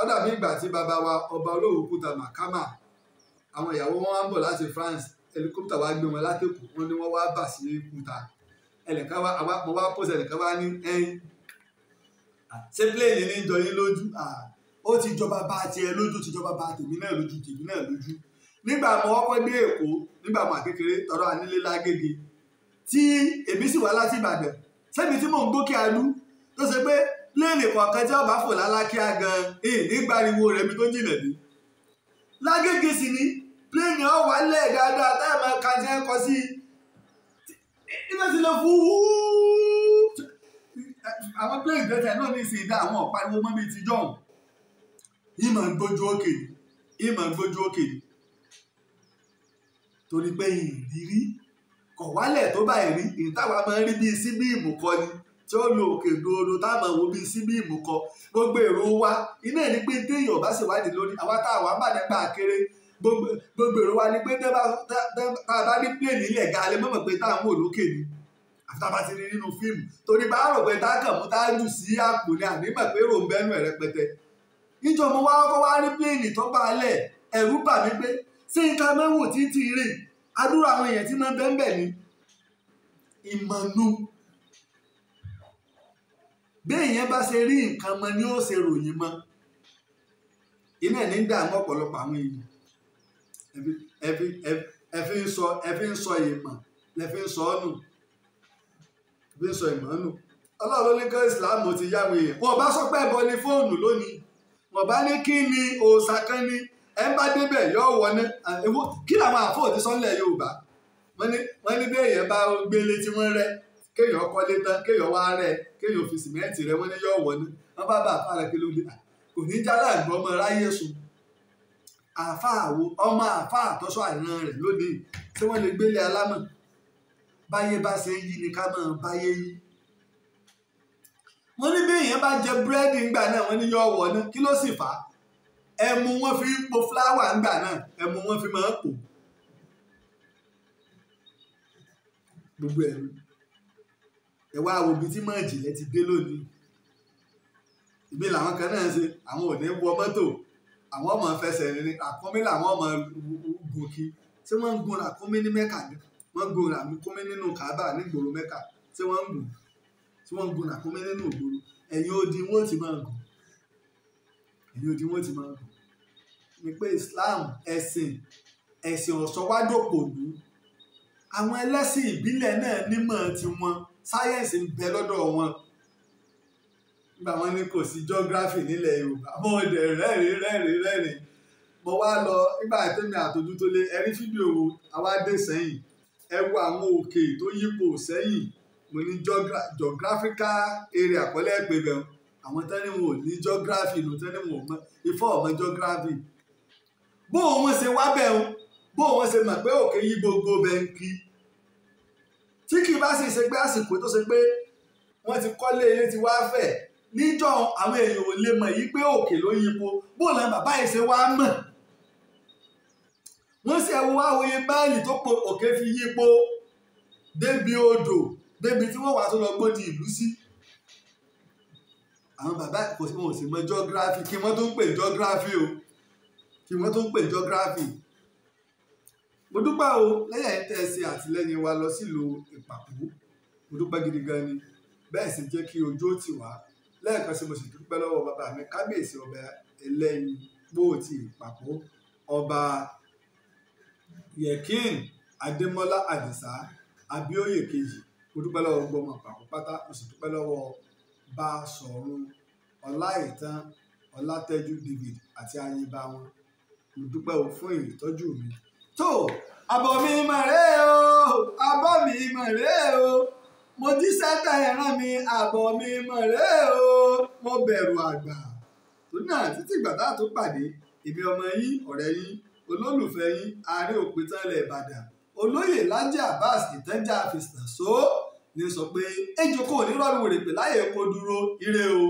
S1: ọ̀dà mi ìgbà tí bàbá wa ọba olóòkúta màkàmà àwọn ìyàwó wọn wá ń bọ̀ láti France helicopter wa gbé wọn látẹ̀kù wọn ni wọ́n wá bà sí kúta ẹnìkan wa mo wá pòsè ẹnìkan wa ní ẹyin ṣé pléènì ní jọyín lójú ó ti jọba bá tiẹ̀ lójú ti jọba bá tèmi náà lójú tèmi náà lójú nígbà mo kọ́kọ́ dé èkó nígbà mo àkékeré tọrọ ànílé lágége tí èmi sì wá láti ìbàdàn sẹ́mi tí mò ń gòkè alú tó ṣe pé léèlè kọ̀ọ̀kan tí ọba fò lálákíá gan ìn nígbàriwo rẹ̀ mi tó jìnà dé lágége sì ni pléènì ọ̀ wálẹ̀ dáadáa táìmọ̀ kàjẹ́ kọ sí i iná ti lọ fún àwọn pléènì tẹ̀tẹ̀ náà ní ìsìn ìdá àwọn ọ̀pariwo mọ́ bíi ti jọ̀hún ìmọ̀ ń gbójú òkè ìmọ̀ ń gbójú òkè yìí torí pé ìrírí kọ̀ wálẹ̀ tó báyìí rí èyí táwa máa ń rí bíi síbí ìmùkọ ni tí ó lo òkè gbòòrò táwọn wo bíi síbí ìmùkọ gbogbo èrò wa iná ẹ̀ ní pé téèyàn bá ṣèwádìí lórí àwa táwa ń bà nípa àkéré gbogbo èrò wa ni pé tá a bá ní plẹ̀ nílẹ̀ ga alẹ́ mọ̀mọ̀ pé táwọn wò lókè ni àtàbà ti rí nínú fíìmù torí bá rò pé táàkàn mú táàjù sí àpò ni ànímọ̀ pé rò ń bẹ́nu ẹ̀ rẹpẹtẹ níjọ́ mo wá kọ́ wá rí pléènì tó ṣé ìta máa ń wò títí rè àdúrà àwọn èèyàn tí máa ń ni ní ìmọ̀nù béèyàn bá ṣe rí nǹkan mọ ni ó ṣe ròyìn mọ iná ní ọ̀pọ̀lọpọ̀ àwọn èèyàn ẹ fi ń sọ ẹ fi ń sọ ìmọ̀ fi ń nù fi ń sọ ìmọ̀ ọlọ́run ti lónìí wọn ní kí ni kan ẹ bá débẹ̀ yọ wọlé kí làwọn àfọwọ́ ti sọ́nlẹ̀ Yorùbá wọ́n ní bẹ́ẹ̀ yẹn bá gbélé tí wọ́n rẹ́ kéèyàn kọ́lé tán kéèyàn wá rẹ̀ kéèyàn fi sìmẹ́ǹtì rẹ̀ wọ́n ní yọ wọlé wọ́n bá bá àfa rẹ̀ kí ló dé kò ní jálá àgbọ̀ ọmọ ráyè sùn àfa àwo ọmọ àfa àtọ́sọ àìran rẹ̀ lónìí tí wọ́n lè gbélé alámọ̀ báyé bá ṣe ń yí ni ká máa báyé yí wọ́n ní bí èèyàn bá jẹ búrẹ́dì ńgbà náà wọ́n ní yọ ọ̀wọ́ náà kí ló sì fà á ẹmu wọn fi ń po fúláwà ńgbà náà ẹmu wọn fi máa ń pò gbogbo ẹ̀rù ẹ wá wo ibi tí mọ̀ ìjìnlẹ̀ ti dé lónìí ìbí làwọn kan náà ṣe àwọn ò ní wọ mọ́tò àwọn ọmọ fẹsẹ̀ rìn àkúnmí làwọn ọmọ gòkè tí wọ́n ń gun àkúnmí ní mẹ́kà ni wọ́n ń gun àkúnmí nínú kábà nígboro mẹ́kà tí wọ́n ń gùn tí wọ́n ń gun àkúnmí nínú ìgboro ẹ̀yìn odi wọn ò ti máa gùn ẹ̀yìn odi wọn ti máa gùn wípé Islam ẹ̀sìn ẹ̀sìn ọ̀sọ́wádòpòlú àwọn ẹlẹ́sìn ìbílẹ̀ náà nímọ̀ tiwọn sáyẹ́ǹsì ń bẹ lọ́dọ̀ wọn nígbà wọn ní kò sí geography nílẹ̀ Yorùbá mo dẹ̀ rẹ́rìn rẹ́rìn rẹ́rìn mo wá lọ nígbà tẹ́mi àtọ́jú tó lé ẹ̀rí fídíò àwa dé sẹ́yìn ẹ wo àwọn òkè tó yípo sẹ́yìn mo ní geographical area kọ́lẹ́ pé bẹ́ẹ̀ àwọn tẹ́ni wọn ò ní geography ló tẹ́ni wọn ò mọ ifọ̀ ọ̀mọ geography bó wọn ṣe wá bẹ́ẹ̀ o bó wọn ṣe mọ̀ pé òkè yí gbogbo bẹ́ẹ̀ ń kí tí kì í bá sì ṣe pé àsìkò tó ṣe pé wọ́n ti kọ́lé ilé ti wá fẹ̀ níjọ́ àwọn èèyàn ò lè mọ̀ yìí pé òkè ló yípo bó làwọn bàbá yìí ṣe wá mọ̀ wọ́n sì ẹ̀wọ́ àwòye báàlì tó po òkè fi yípo débi odò débi tí wọ́n wà tó lọ gbòdì ìlú sí àwọn bàbá kò sí mọ̀ sí mọ̀ geography kí wọ́n tó ń pè geography o tí wọ́n tún ń pè geography mo dúpẹ́ o lẹ́yìn tẹ́ ẹ ṣe àtìlẹ́yìn wa lọ sílùú ìpàkú mo dúpẹ́ gidi gan ni bẹ́ẹ̀ sì jẹ́ kí ojú ó tì wá lẹ́ẹ̀kan sí mo sì dúpẹ́ lọ́wọ́ bàbá mi kábíyèsí ọba ẹlẹ́yin gbòòtì ìpàkú ọba yẹkin adémọ́lá àdìsá abíóyè kejì mo dúpẹ́ lọ́wọ́ gbọmọ ìpàkú pátá mo sì dúpẹ́ lọ́wọ́ bá sọ̀rọ̀ ọláìtàn ọlátẹ́jú david àti ayé bá wọn mo dúpẹ́ o fún ìtọ́jú mi. tó àbọ̀ mi mà rèé o àbọ̀ mi mà rèé o mo jí sẹ́tà ẹ̀ràn mi àbọ̀ mi mà rèé o mo bẹ̀rù àgbà. tó náà títí gbàdá tó pàdé èmi ọmọ yín ọ̀rẹ́ yín olólùfẹ́ yín ààrẹ òpìtánlẹ̀ ìbàdàn olóyè Laji Abbas ìtẹ́jà àfẹsẹ̀ so ni sọ pé ejò kò ní rọrùn rèpè láyè kó dúró ire o.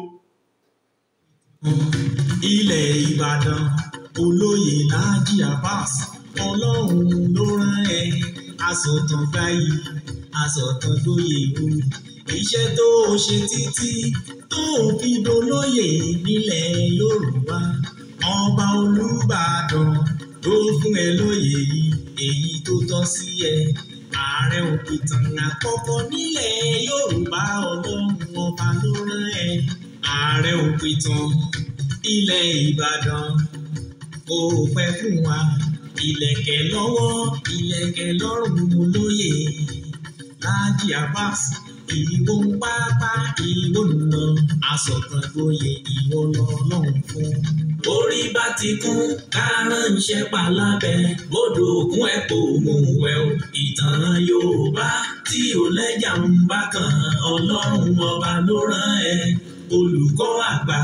S1: ilẹ̀ Ìbàdàn olóyè Haji Abbas ọlọ́run ló rán ẹ asọ̀tàn gbayì asọ̀tàn lóye o iṣẹ́ tó o ṣe títí tó o fi dolóyè nílẹ̀ Yorùbá ọba Olúbàdàn tó fún ẹ lóye yìí èyí tó tọ́ sí ẹ ààrẹ òpìtàn àkọ́kọ́ nílẹ̀ Yorùbá ọlọ́run ọba ló rán ẹ ààrẹ òpìtàn ilẹ̀ Ìbàdàn kò pẹ́ fún wa ìlẹ̀kẹ̀ lọ́wọ́ ìlẹ̀kẹ̀ lọ́rùn olóyè Láàjì Abbas ìwọ ń pápá ìwọ nùnà asọ̀tàgboyè ìwọ lọ́lọ́run fún. orí bá
S2: ti kún kárán ń ṣẹ́pà lábẹ́ bódò òkun ẹ̀ kò mú wẹ̀ o. ìtàn Yorùbá tí ò lẹ́jà ń bá kan ọlọ́run ọba ló
S3: rán ẹ olùkọ́ àgbà.